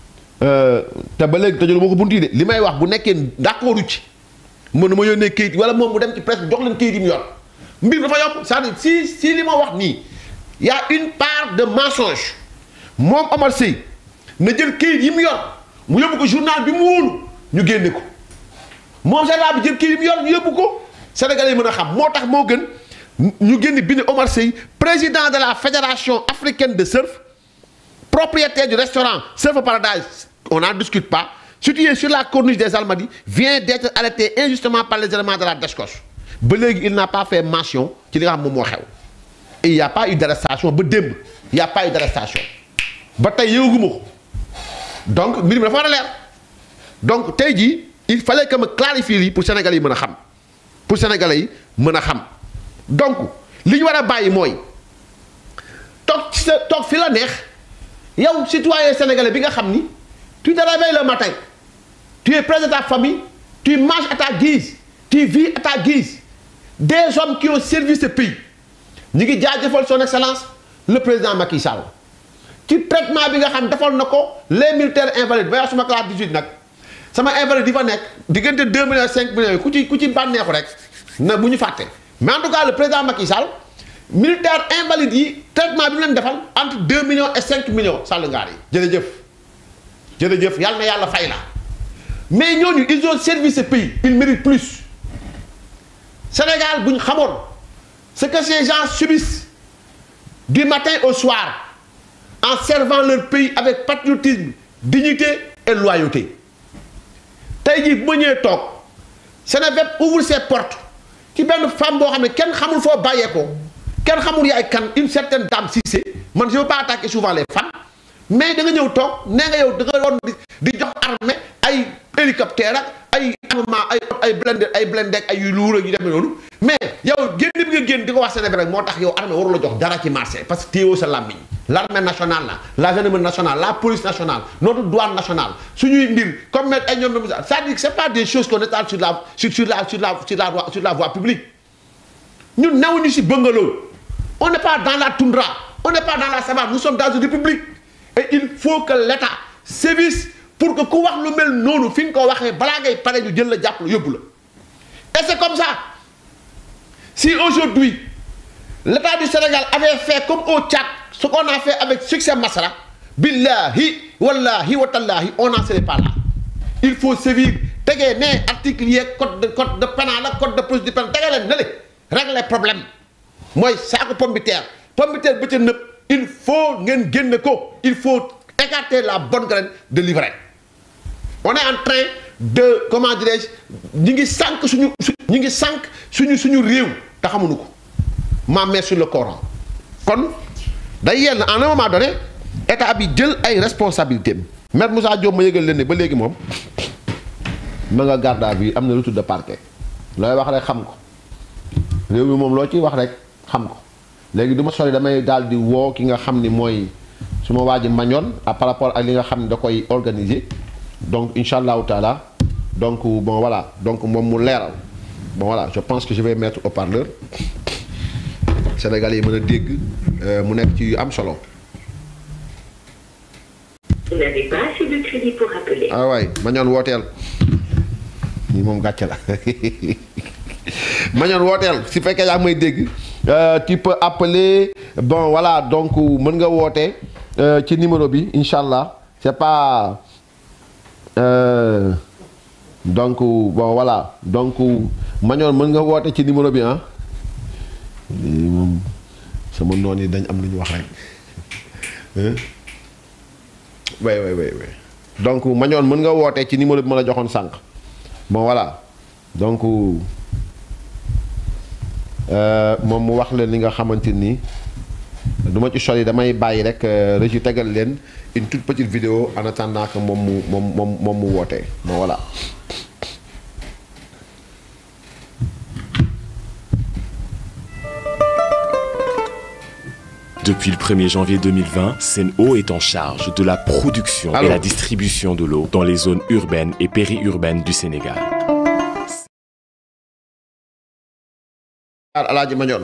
Euh, te ba léegi tëjul ma ko buntu yi de li wax bu nekkee d'accordu ci mënu ma yone kayit wala mom bu dem ci presse dox len kayit yi mu yor mbir dafa yop c'est-à-dire si si lima ma wax nii y a une part de mensonge mom Omar Sy na jël kayit yi mu yor mu yóbbu ko journal bi mu wul ñu génne ko mom général bi jël kayit yi mu yor ñu yóbbu ko Sénégalais mëna xam motax mo gën ñu génn bind Omar Sy président de la fédération africaine de surf propriétaire du restaurant Surf Paradise on n'en discute pas, es sur la corniche des Almadies, vient d'être arrêté injustement par les éléments de la DESCOS. Il n'a pas fait mention qu'il a Et il n'y a pas eu d'arrestation. Il n'y a pas eu d'arrestation. Donc, il faut l'air. Donc, il fallait que je clarifie pour les Sénégalais. Pour les Sénégalais, Donc, ce je veux dire, c'est que, fi la neex un citoyen sénégalais bi nga tu te réveilles le matin, tu es près de ta famille, tu manges à ta guise, tu vis à ta guise. Des hommes qui ont servi ce pays. Nous avons son excellence, le président Macky Sall. Tu traitement ma vie xam les militaires invalides Voyez je suma classe 18 Ça sama invalide yi 2 millions 5 millions ku mais en tout cas le président Macky Sall militaire invalide traitement bi vie entre 2 millions et 5 millions Sall Je jërëjëf yàlla na yàlla mais ñooñu ils ont servi ce pays ils méritent plus Sénégal buñ xamone ce que ces gens subissent du matin au soir en servant leur pays avec patriotisme dignité et loyauté tey jii bu ma ñëwee Sénégal, ouvre ses portes ci ben femme bo xamné ne kenn xamul fo bayé ko kenn xamul yaay kan une certaine dame si c'est. man je veux pas attaquer souvent les femmes mais da nga ñew tok ne nga yow da nga doon di jox armée ay hélicoptère ak ay armement ay ay blender ay blender ay yu luur ak yu dem noonu mais yow genn bi nga genn diko wax Sénégal rek motax yow armée waru la jox dara ci marché parce que téwo sa làmmiñ l'armée nationale la la gendarmerie nationale la police nationale notre douane nationale suñuy mbir comme mettre ay ñoom ça à dire que c'est pas des choses qu'on est sur la sur sur la sur la sur la voie sur la voie publique ñun néwuñu ci bëngaloo on n'est pas dans la toundra on n'est pas dans la savane nous sommes dans une république et il faut que l'état sévise pour que ku le lu mel noonu fin et c'est comme ça si aujourd'hui l'état du Sénégal avait fait comme au Tchad ce qu'on a fait avec succès Masra billahi wallahi on n'en serait pas là il faut sévir ne article code de pénal code de régler les problèmes il faut il faut écarter la bonne graine de l'ivraie on est en train de comment dirais-je ñu ngi sànq suñu ngi ma sur le Coran kon d'ailleurs, en un moment donné l'État a jël ay responsabilités am Moussa Diop ma yëgal leen dire, ba léegi nga vie, léegi duma soli damay daal di woo ki nga xamni moy suma su ma a par rapport ak li nga xamni da koy organiser donc inshallah, taala donc bon voilà donc mom mu leral bon voilà je pense que je vais mettre au parleur Sénégalais yi mën a dégg euh, mu nek ci am solo. vous n'avez pas assez de crédit pour appeler. ah ouais, mañoon wooteel Il moom gàcce la mañoon wooteel si que yaa may dégg. Euh, tu peux appeler bon voilà donc mën nga woote euh, ci numéro bi Inch'Allah. c'est pas euh, donc bon voilà donc mañoon mën nga woote ci numéro bi ah lii moom sama noon yi dañ am lu wax rek way way way way donc mañoon mën nga woote ci numéro bi ma la joxoon sànq bon voilà donc euh, moom mu wax leen li nga xamante ni du ma ci sori damay bàyyi rek euh, Régis tegal leen une toute petite vidéo en attendant que moom mu moom moom moom mu voilà. Depuis le 1er janvier 2020, Sen'Eau est en charge de la production et la distribution de l'eau dans les zones urbaines et périurbaines du Sénégal. Alaji mañon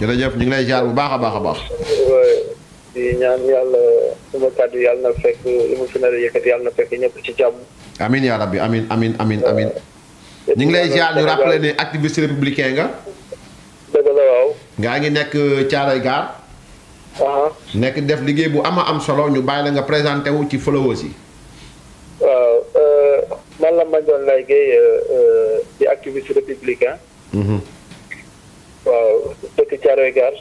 jërëjëf ñu ngi lay ziar bu baax a baax di ñaan yàlla suma kàddu yàlla na fekk fi na fekk ci amin ya rabbi amin amin amin amin ñu ngi lay ziar ñu rappelé ne activiste républicain nga dëgg la waaw ngaa ngi nekk caaray nekk def liggéey bu ama am solo ñu bàyyi nga présenté wu ci followers yi yalla ma doon lay euh di activiste républicain. hmm waaw dëkk mhm. eh, Thiaroye Gare.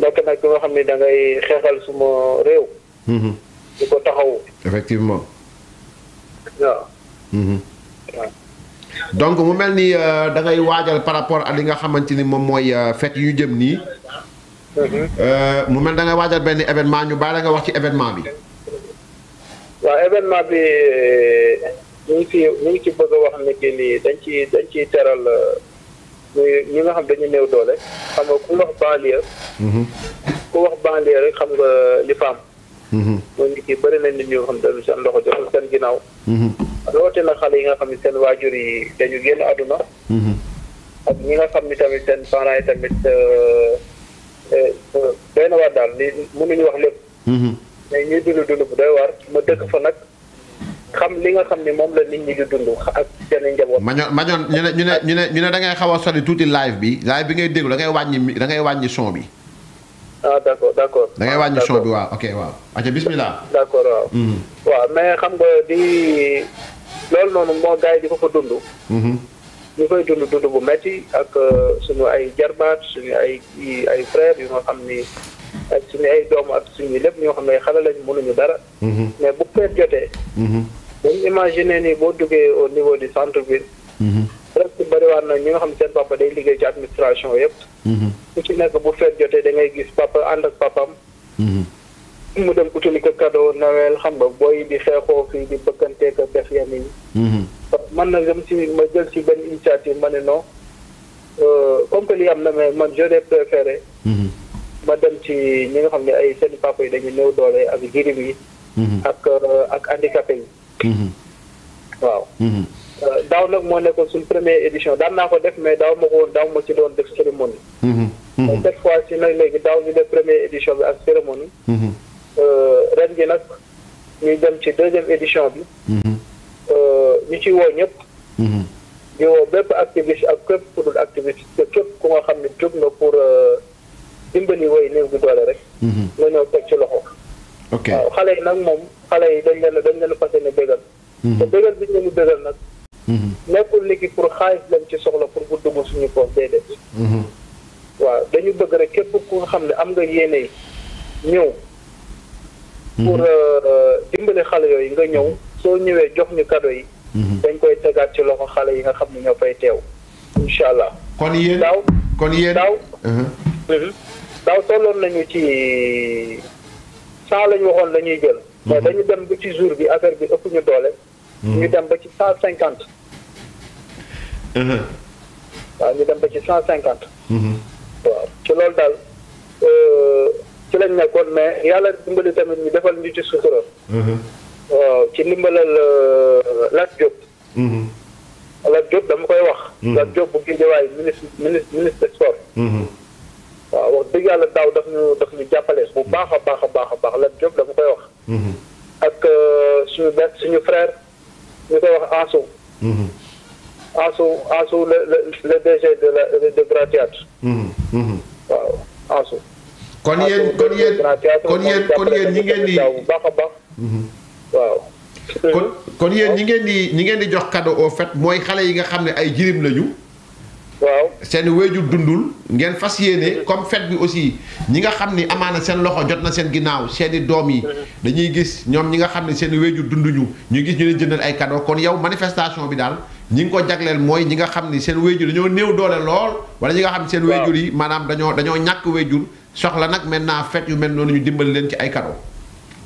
nekk nag nga xam ne da ngay xeexal suma réew. hmm di ko taxaw effectivement. Ya. waaw. hmm ya. donc mu mel ni eh, da ngay waajal par rapport ak li nga xamante ni moom mooy ya, fête yu jëm nii. mu mhm. eh, mel da ngay waajal benn événement ñu bàyyi la nga wax ci événement bi. waa événement bi eh, ñu ngi ci ñu ngi ci bëgg a wax nit nii dañ ci dañ ciy teral eh, ñi nga xam dañu néew doole xam nga ku wax banlieue mm-hmm. ku wax banlieue rek xam nga li faam mooy mm-hmm. nit yi na nit ñi nga xam seen loxo joxul seen ginnaaw mm-hmm. rawatina xale yi nga xam ne seen waajur yi dañu génn àdduna ak ñi nga xam ni tamit seen parents yi tamit eh, benn waat daal li mënuñu wax lépp mais ñuy dund dund bu doy waar ma dëkk fa nag xam li nga xam ni moom la nit ñi di dund ak seen njaboot. mañoon mañoon ñu ne ñu ne ñu ne ñu ne da ngay xaw a sori tuuti live bi live bi ngay déglu da ngay wàññi da ngay wàññi son bi. ah d' accord d' accord. da ngay wàññi ah, son bi waaw ok waaw. ok bismillah. d' accord mm-hmm. waaw. mais xam nga di loolu noonu moo gars di ko fa dund. Mm-hmm. ñu koy dund dund bu metti ak euh, suñu ay jarbaat suñu ay ay frères yu nga xam ni. ak suñu ay doomu ak suñu lépp ñoo xam ne xale lañ mënuñu dara. Mhm. mais bu feet jotee. Mhm. dañu imaginer nii boo duggee au niveau du centre ville. Mhm. presque bëriwaat na ñi nga xam ne seen papa day liggéey ci administration yëpp. ku ci nekk bu feet jotee da ngay gis papa ànd ak papam. mu dem utili ko cadeau Noël xam nga booy di xeexoo fii di bëkkantee ko def yenn yi. man nag dem si ma jël si benn initiative ma ne non euh, comme que li am na mais man je préféré. ma dem ci ñi nga xam ne ay seen papa yi dañu néew doole ak jirim yi. Mhm. ak euh, ak mhm. waaw. Mhm. Euh, daaw nag moo nekkoon suñ première édition daan naa ko def mais daaw ma ko woon daaw ma ci doon def cérémonie. cette fois ci nag léegi daaw ñu def première édition bi ak cérémonie. Euh, ren gi nag ñuy dem ci deuxième édition bi. ñu ci woo ñëpp. di woo bépp activiste ak képp ku dul activiste te ku nga xam ne jóg na pour. dimbali woy néew bi doole rek. Mhm. nga ñëw teg ci loxo. ok waaw xale yi nag moom xale yi dañ leen dañ leen fas yéene bégal. Mhm. te bégal bi ñu leen bégal nag. Mhm. nekkul liggéey pour xaalis lañ ci soxla pour bu dugg suñu poos déedéet. waaw dañu bëgg rek képp ku nga xam ne am nga yéene ñëw. pour euh, dimbali xale yooyu nga ñëw soo ñëwee jox ñu kado yi. dañ koy tegaat ci loxo xale yi nga xam ne ñoo fay teew. incha allah. daaw daaw. daaw tolloon nañu ci cent la waxoon lañuy jël. mais mhm. dañu dem ba ci jour bi affaire bi ëpp ñu doole. Mhm. ñu dem ba ci cent cinquante. Mhm. waaw ñu dem ba ci cent cinquante. waaw ci loolu daal euh, ci lañ nekkoon mais yàlla dimbali tamit ñu defal ñu ci sutura. waaw ci ndimbalal euh, Lat Diop. Lat Diop dama koy wax. Lat Diop bu Guédiawaye ministre ministre ministre sport. waaw wax dëgg yàlla daaw daf ñu daf ñu jàppalee bu baax a baax a baax a baax Lat Diop dama koy wax. Mm-hmm. ak euh, suñu benn suñu frère ñu koy wax aso mm-hmm. Ansu Ansu le le le de la de Grand Théâtre. Mm-hmm. waaw Ansu. kon yéen kon yéen kon yéen kon yéen ñi ngeen di bu baax a baax. waaw. kon kon ñi ngeen di ñi ngeen di jox cadeau au fait mooy xale yi nga xam ne ay jirim lañu. waaw seen wéyjur dundul ngeen fas yéene comme fet bi aussi ñi nga xam ni amaana seen loxo jot na seen ginnaaw seeni doom yi. dañuy gis ñoom ñi nga xam ne seen wéyjur dunduñu ñu gis ñu leen jëndal ay cadeau kon yow manifestation bi daal ñi ngi ko jagleel mooy ñi nga xam ni seen wéyjur dañoo néew doole lool. wala ñi nga xam ne seen wéyjur yi maanaam dañoo dañoo ñàkk wéyjur soxla nag maintenant fête yu mel noonu ñu dimbali leen ci ay cadeau.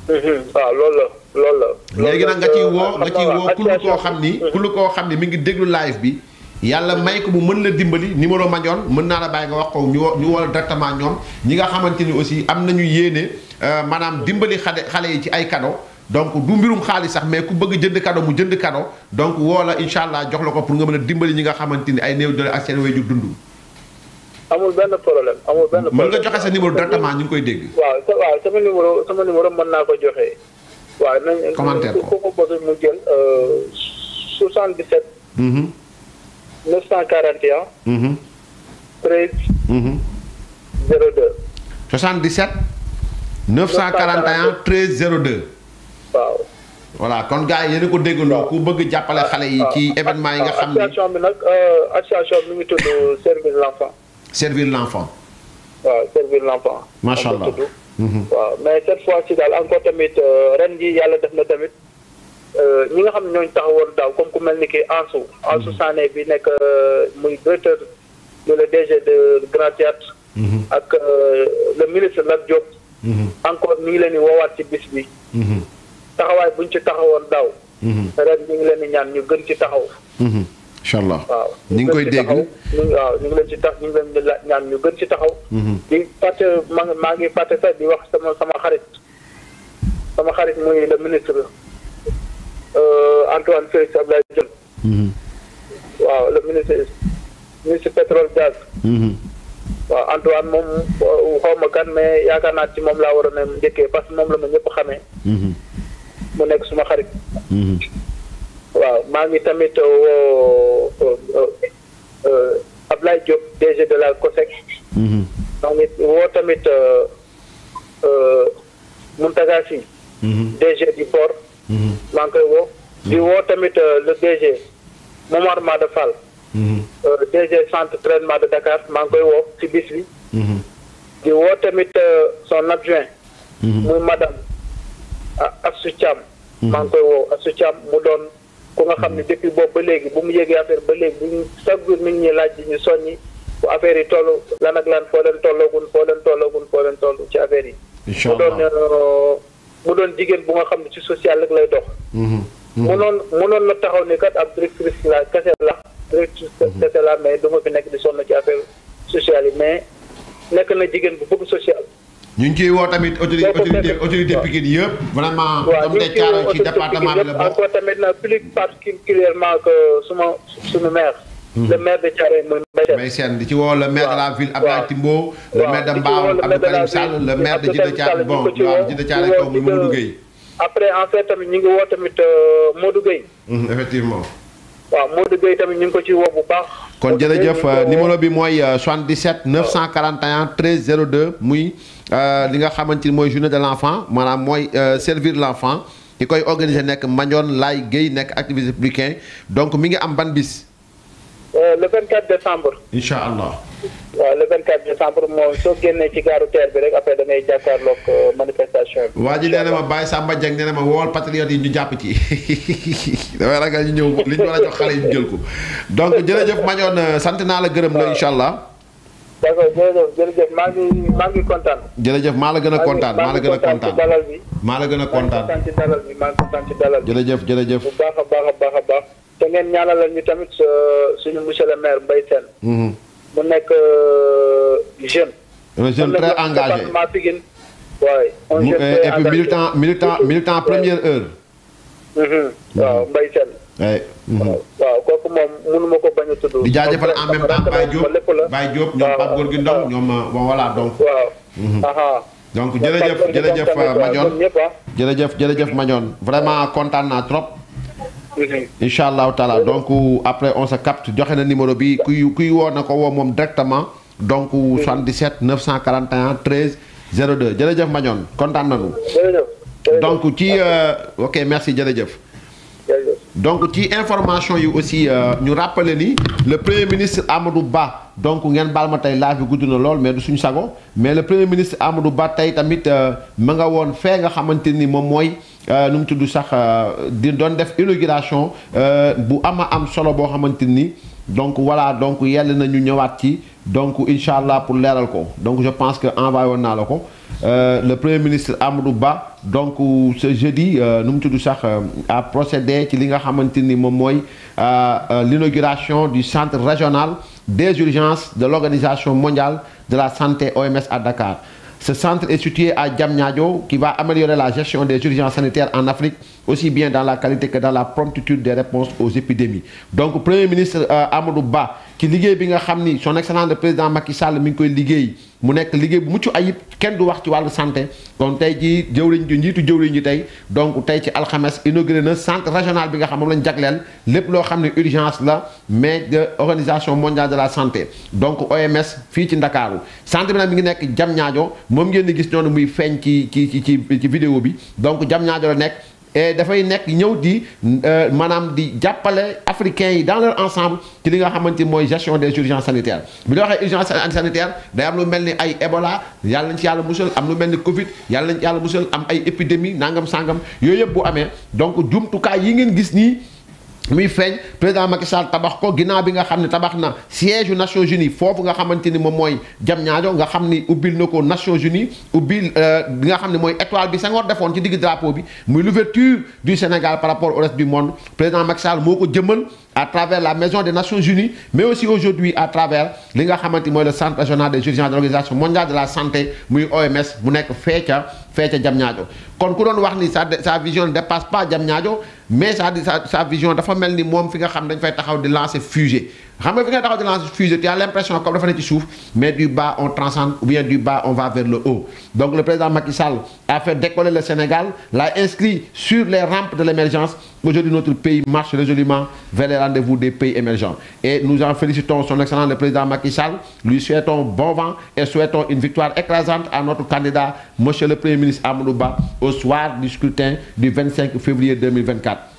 waaw mhm. ah, léegi nag nga ciy woo nga ciy woo kullu koo xam ni kullu koo xam ni mi ngi déglu live bi yàlla may ko mu mën la dimbali numéro Mandione mën naa la bàyyi nga wax ko ñu ñu wala directement ñoom ñi nga xamante ni aussi am na ñu yéene euh, maanaam dimbali xale xale yi ci ay cadeau donc du mbirum xaalis sax mais ku bëgg jënd cadeau mu jënd cadeau donc woo la incha allah jox la ko pour nga mën a dimbali ñi nga xamante ni ay néew doole ak seen ju dund. amul benn problème amul benn problème mën nga joxe sa numéro directement ñu ngi koy dégg. waaw sa waaw sama naa ko joxe. waaw nañ commentaire ko ku 941. Mmh. 13. Mmh. 02. 77. 941 13 02. voilà quand gars yi yéen a ko déggandoo ku bëgg jàppale xale yi ci événement yi nga xam ni association bi nag euh, association bi mi tudd servir l' enfant. servir l' enfant. waaw servir l'enfant. enfant. Masha allah mhm. waaw mais cette fois ci daal encore tamit euh, ren gi yàlla def na tamit. Euh, ñi nga xam ne ñooñu taxawoon daaw comme ku mel ni ki ensu Ansou mm-hmm. Sané bi nekk euh, muy directeur de le DG de Grand Théâtre mm-hmm. ak euh, le ministre Lat Diop mm-hmm. encore ñu ngi leen di woowaat ci bis bi taxawaay buñ ci taxawoon daaw ren ñu ngi leen di ñaan ñu gën ci taxaw incha allah waaw ñu ngi koy dégg waaw ñu ngi leen ci tax ñu ngi leen di ñaan ñu gën ci taxaw di fàtte maa ngi parte sax di wax sama sama xarit sama xarit muy le ministre Euh, Antoine Félix Abdoulaye Dione. Mhm. waaw le ministre ministre pétrole gaz. Mhm. waaw Antoine moom euh, xaw kan mais yaakaar naa ci moom laa war a njëkkee parce que moom la ma ñëpp xamee. Mhm. mu nekk suma xarit. waaw maa ngi tamit woo euh, Ablaye Diop DG de la COSEC. maa ngi woo tamit Mountaga Sy. DG du maa ngi koy woo. di woo tamit euh, le DG Momar Mada Fall. Mm-hmm. Euh, DG centre traitement de Dakar maa ngi koy woo ci bis bi. Mm-hmm. di woo tamit euh, son adjoint. Mm-hmm. muy madame Assou Thiam. maa ngi koy woo Assou Thiam mu doon ku nga xam ne depuis boobu ba léegi bu mu yéegee affaire ba léegi bu ñu chaque jour mi ngi ñuy laaj ñu soññi bu affaire yi toll lan ak lan foo leen tolloogun foo leen tolloogun foo leen toll ci affaire yi. mu doon. mu doon jigéen bu nga xam ne ci social rek lay dox. Mhm. Mhm. mu mënoon mënoon na taxaw ni kat ab directrice la kese la directrice mhm. kese la mais du ma fi nekk di sonn ci affaire sociale yi mais nekk na jigéen bu bëgg social. ñu ngi ciy woo tamit autorité autorité autorité Pikine yëpp. vraiment am tey caaro ci département bi la bokk. encore tamit na plus particulièrement que suma maire. le maire de Thiaroye Mbaye Sène di ci woo le maire de la ville Abdoulaye Timbo le maire de Mbao Abdou Karim Sall le maire de Djidda bon waaw Djidda Thiaroye kaw Modou Gueye après en fait tamit ñu ngi woo tamit euh, Modou Gueye hum, effectivement waaw Modou Gueye tamit ñu ko ci woo bu baax kon jërëjëf euh, numéro bi mooy 77 941 13 02 muy euh, li nga xamante ni mooy journée de l'enfant enfant maanaam servir l'enfant enfant ki koy organiser nekk Mandione Laye Gueye nekk activiste républicain donc mi ngi am ban bis Euh, le 24 décembre. incha allah. waaw le 24 décembre moom soo génnee ci gaaru terre bi rek après da ngay jàkkaarloog euh, manifestation bi. waa ji nee ma Baye Samba Dieng nee ma wool patriote yi ñu jàpp ci damay ragal ñu ñëw li ñu war a jox xale yi ñu jël ko donc jërëjëf ma ñoon euh, sant naa la gërëm la incha allah. d'accord jërëjëf jërëjëf maa ngi maa ngi kontaan. jërëjëf maa la gën a kontaan maa la gën a kontaan maa la gën a kontaan. maa ngi kontaan ci bi maa ngi kontaan ci dalal jërëjëf jërëjëf a a baax ngeen ñaanalal ñu tamit euh, suñu monsieur le maire Mbaye Sène mhm. mu nekk euh, jeune. un jeune très engagé waaye. un jeune euh, et puis militant militant militant première heure. Mhm. waaw Mbaye mhm. waaw kooku moom mënuma ko bañ a tudd. di jaajëfal en même temps Baye Diop Baye Diop ñoom Pape Gorgui Ndong ñoom voilà donc. waaw. donc jërëjëf jërëjëf ah. kontaan naa trop. inshallah taala donc après on se capte joxe numéro bi kuy kuy directement donc 77 941 13 02 jërëjëf magnon contane donc ci euh, ok merci Jeff donc ci information yu aussi nous euh, rappeler ni le premier ministre Amadou Ba donc ngeen balma tay là laaj bi lool mais du suñu sago mais le premier ministre Amadou Ba tay tamit euh, ma nga won fe nga xamanteni ni moy euh, nous mu tudd sax euh, di doon def inauguration euh, bu ama am solo bo xamanteni donc voilà donc yalla nañu ñëwaat ci donc inshallah pour leral ko donc je pense que envoyé woon naa le premier ministre Amadou Ba donc ce jeudi nous mu tudd sax a procédé ci li nga xamanteni mom moy l'inauguration du centre régional des urgences de l'organisation mondiale de la santé OMS à Dakar ce centre est situé à Diamniadio qui va améliorer la gestion des urgences sanitaires en Afrique aussi bien dans la qualité que dans la promptitude des réponses aux épidémies donc premier ministre euh, Amadou Ba qui liggéey bi nga xam son excellent président Macky Sall mi ngi koy liggéey mu nekk liggéey bu mucc ayib kenn du wax ci santé donc tey jii jëwriñ ji njiitu donc tey ci alxames inauguré na centre régional bi nga xam moom lañ jagleel urgence la mais de organisation mondiale de la santé donc OMS fii ci Santé centre bi nag mi ngi nekk jam ñaajo moom ngeen gis noonu muy ci ci ci vidéo bi donc jam ñaajo la da fay nek ñëw di euh, manam di jappalé africains yi dans leur ensemble ci li nga xamante moy gestion des urgences sanitaires bi ñu waxee urgence sanitaire day am lu melni ay Ebola yalla ñu ci yalla musal am lu melni Covid yalla ñu ci yàlla musal am ay épidémie nangam sangam yooyu bu amé donc jumtu ka yi ngeen gis ni muy feeñ président Macky Sall tabax ko ginnaaw bi nga xam ne tabax na siège Nations Unies foofu nga xamante ni moom mooy jam ñaajo nga xam ni ubbil na ko Nations Unies ubbil bi euh, nga xam ne mooy étoile bi Senghor defoon ci digg drapeau bi muy l'ouverture du Sénégal par rapport au reste du monde président Macky Sall moo ko à travers la Maison des Nations Unies, mais aussi aujourd'hui à travers le centre régional des de l'organisation mondiale de la santé OMS vous n'êtes pas ca fee Diamniadio kon ku sa vision ne dépasse pas Diamniadio mais sa vision de mel ni fi nga xam lancer fusée xam nga fusée tu l'impression comme le fenêtre mais du bas on transcende ou bien du bas on va vers le haut donc le président Macky Sall a fait décoller le Sénégal l'a inscrit sur les rampes de l'émergence aujourd'hui notre pays marche résolument vers les rendez-vous des pays émergents et nous en félicitons son excellent le président Macky Sall lui souhaitons bon vent et souhaitons une victoire écrasante à notre candidat monsieur le premier ministre Amadou au soir du scrutin du 25 février 2024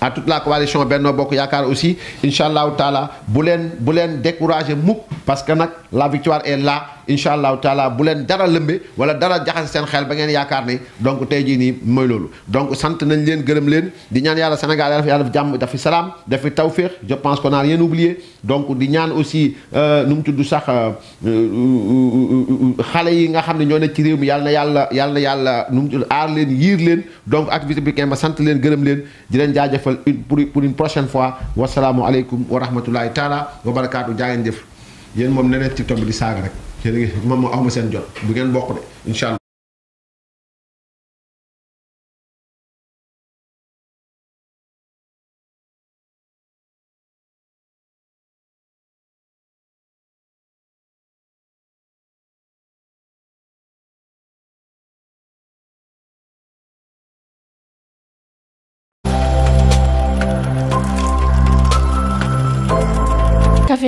à toute la coalition Benno Bokk aussi Inch'Allah, taala bu boulen bu parce que la victoire est là incha allahu taala bu leen dara lëmbe wala dara jaxase seen xel ba ngeen yaakaar ni donc tey jii nii mooy loolu donc sant nañ leen gërëm leen di ñaan yàlla Sénégal yàlla yàlla def jàmm daf salaam daf fi tawféex je pense qu'on a rien oublié donc di ñaan aussi euh, nu mu tudd sax euh, euh, xale yi nga xam ne ñoo ne ci réew mi yàlla na yàlla yàlla na yàlla nu mu tudd aar leen yiir leen donc activité bi kenn ma sant leen gërëm leen di leen jaajëfal une pour pour une prochaine fois wasalaamu aleykum wa rahmatullahi taala wa barakaatu jaa jëf yéen moom neneen ci tomb di saaga rek yéen a ngi man ma aw ma seen jot bu ngeen bokk de incha allah.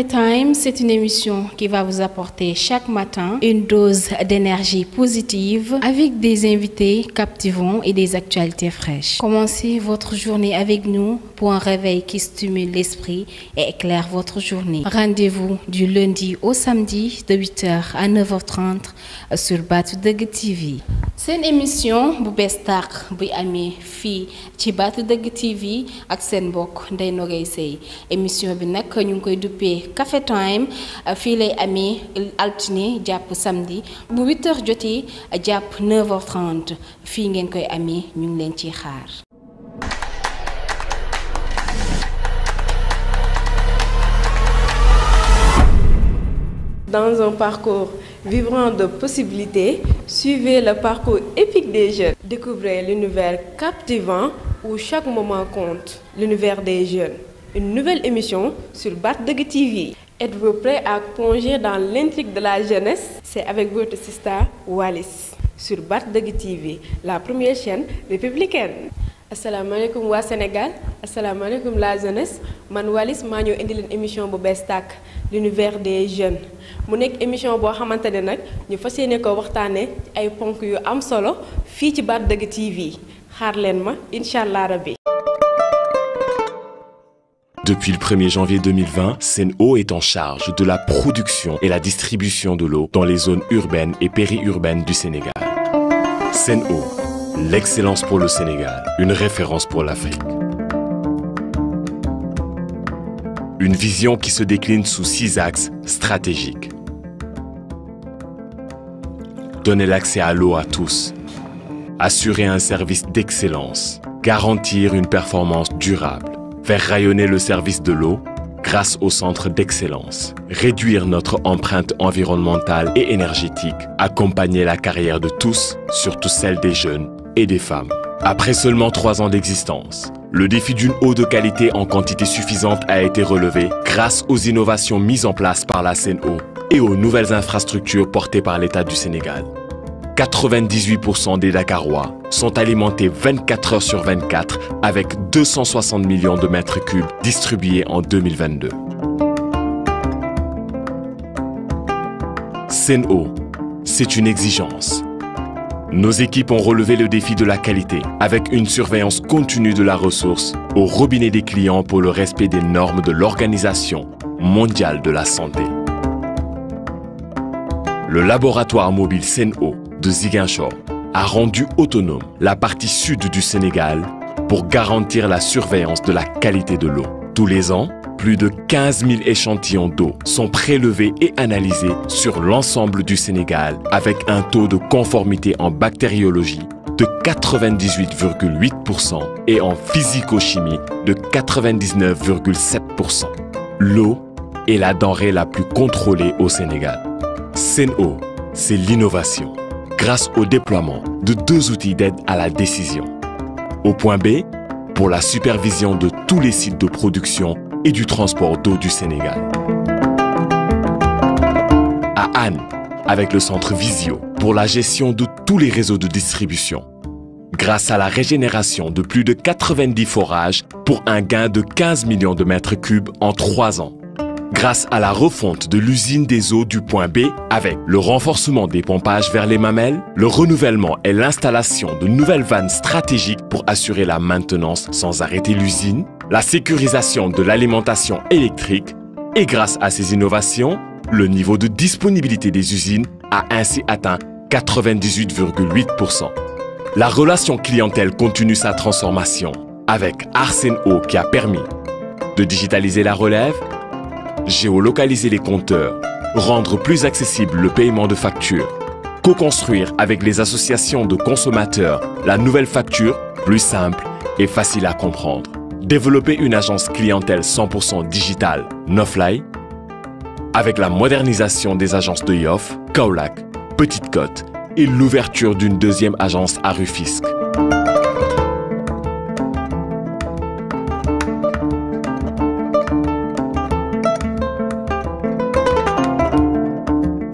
Time, c'est une émission qui va vous apporter chaque matin une dose d'énergie positive avec des invités captivants et des actualités fraîches. Commencez votre journée avec nous pour un réveil qui stimule l'esprit et éclaire votre journée. Rendez-vous du lundi au samedi de 8h à 9h30 sur Batu TV. TV. une émission bu bees amis, Batu TV ak Sen Bok, émission bi Café Time euh, filay ami altini diap samedi bu 8h joti diap 9h30 fi ngeen koy ami ñu ngi len dans un parcours vivant de possibilités, suivez le parcours épique des jeunes. Découvrez l'univers captivant où chaque moment compte, l'univers des jeunes une nouvelle émission sur Bartdeg TV. Êtes-vous prêt à plonger dans l'intrigue de la jeunesse C'est avec votre sister Wallis sur Bartdeg TV, la première chaîne républicaine. alaikum wa Sénégal assalamu alaikum la jeunesse man Wallis maa ñëw indi leen émission bu bestak l'univers des jeunes mu nek émission bo xamante nak de ñu fas ko waxtaanee ay ponk yu am solo fi ci Bartdeg TV Xar leen ma rabbi depuis le 1er janvier 2020, Seno est en charge de la production et la distribution de l'eau dans les zones urbaines et périurbaines du Sénégal. Seno, l'excellence pour le Sénégal, une référence pour l'Afrique. Une vision qui se décline sous six axes stratégiques. Donner l'accès à l'eau à tous. Assurer un service d'excellence. Garantir une performance durable faire rayonner le service de l'eau grâce au centre d'excellence, réduire notre empreinte environnementale et énergétique, accompagner la carrière de tous, surtout celle des jeunes et des femmes. Après seulement trois ans d'existence, le défi d'une eau de qualité en quantité suffisante a été relevé grâce aux innovations mises en place par la seine et aux nouvelles infrastructures portées par l'État du Sénégal. 98% des Dakarois sont alimentés 24 heures sur 24 avec 260 millions de mètres cubes distribués en 2022. Seno, c'est une exigence. Nos équipes ont relevé le défi de la qualité avec une surveillance continue de la ressource au robinet des clients pour le respect des normes de l'Organisation mondiale de la santé. Le laboratoire mobile Seno de Ziguinchor a rendu autonome la partie sud du Sénégal pour garantir la surveillance de la qualité de l'eau. Tous les ans, plus de 15 000 échantillons d'eau sont prélevés et analysés sur l'ensemble du Sénégal avec un taux de conformité en bactériologie de 98,8% et en physico-chimie de 99,7%. L'eau est la denrée la plus contrôlée au Sénégal. Seno, c'est l'innovation grâce au déploiement de deux outils d'aide à la décision. Au point B, pour la supervision de tous les sites de production et du transport d'eau du Sénégal. À Anne, avec le centre Visio, pour la gestion de tous les réseaux de distribution. Grâce à la régénération de plus de 90 forages pour un gain de 15 millions de mètres cubes en 3 ans grâce à la refonte de l'usine des eaux du point B avec le renforcement des pompages vers les mamelles, le renouvellement et l'installation de nouvelles vannes stratégiques pour assurer la maintenance sans arrêter l'usine, la sécurisation de l'alimentation électrique et grâce à ces innovations, le niveau de disponibilité des usines a ainsi atteint 98,8%. La relation clientèle continue sa transformation avec Arsène Eau qui a permis de digitaliser la relève, géolocaliser les compteurs, rendre plus accessible le paiement de factures, co-construire avec les associations de consommateurs la nouvelle facture plus simple et facile à comprendre, développer une agence clientèle 100% digitale, Nofly, avec la modernisation des agences de Yoff, Kaolac, Petite Côte et l'ouverture d'une deuxième agence à Rufisque.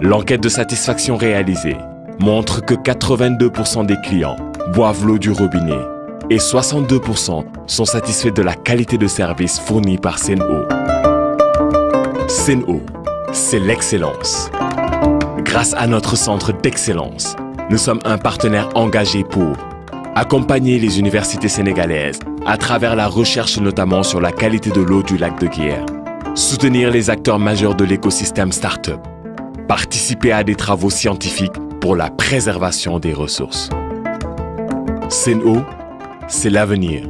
L'enquête de satisfaction réalisée montre que 82% des clients boivent l'eau du robinet et 62% sont satisfaits de la qualité de service fournie par Sen'Eau. Sen'Eau, c'est l'excellence. Grâce à notre centre d'excellence, nous sommes un partenaire engagé pour accompagner les universités sénégalaises à travers la recherche notamment sur la qualité de l'eau du lac de Guière, soutenir les acteurs majeurs de l'écosystème startup participer à des travaux scientifiques pour la préservation des ressources. Seno, c'est l'avenir.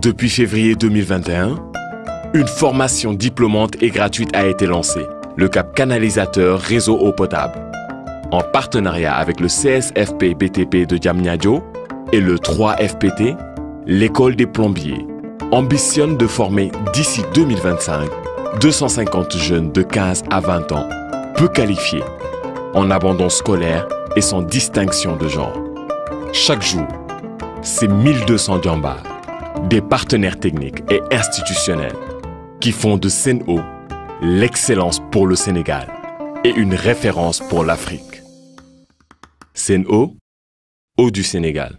Depuis février 2021, une formation diplômante et gratuite a été lancée, le Cap Canalisateur Réseau Eau Potable, en partenariat avec le CSFP BTP de Diamniadio et le 3FPT, l'École des plombiers, ambitionne de former d'ici 2025 250 jeunes de 15 à 20 ans, peu qualifiés, en abandon scolaire et sans distinction de genre. Chaque jour, c'est 1200 djambas, des partenaires techniques et institutionnels qui font de Seno l'excellence pour le Sénégal et une référence pour l'Afrique. Seno, haut du Sénégal.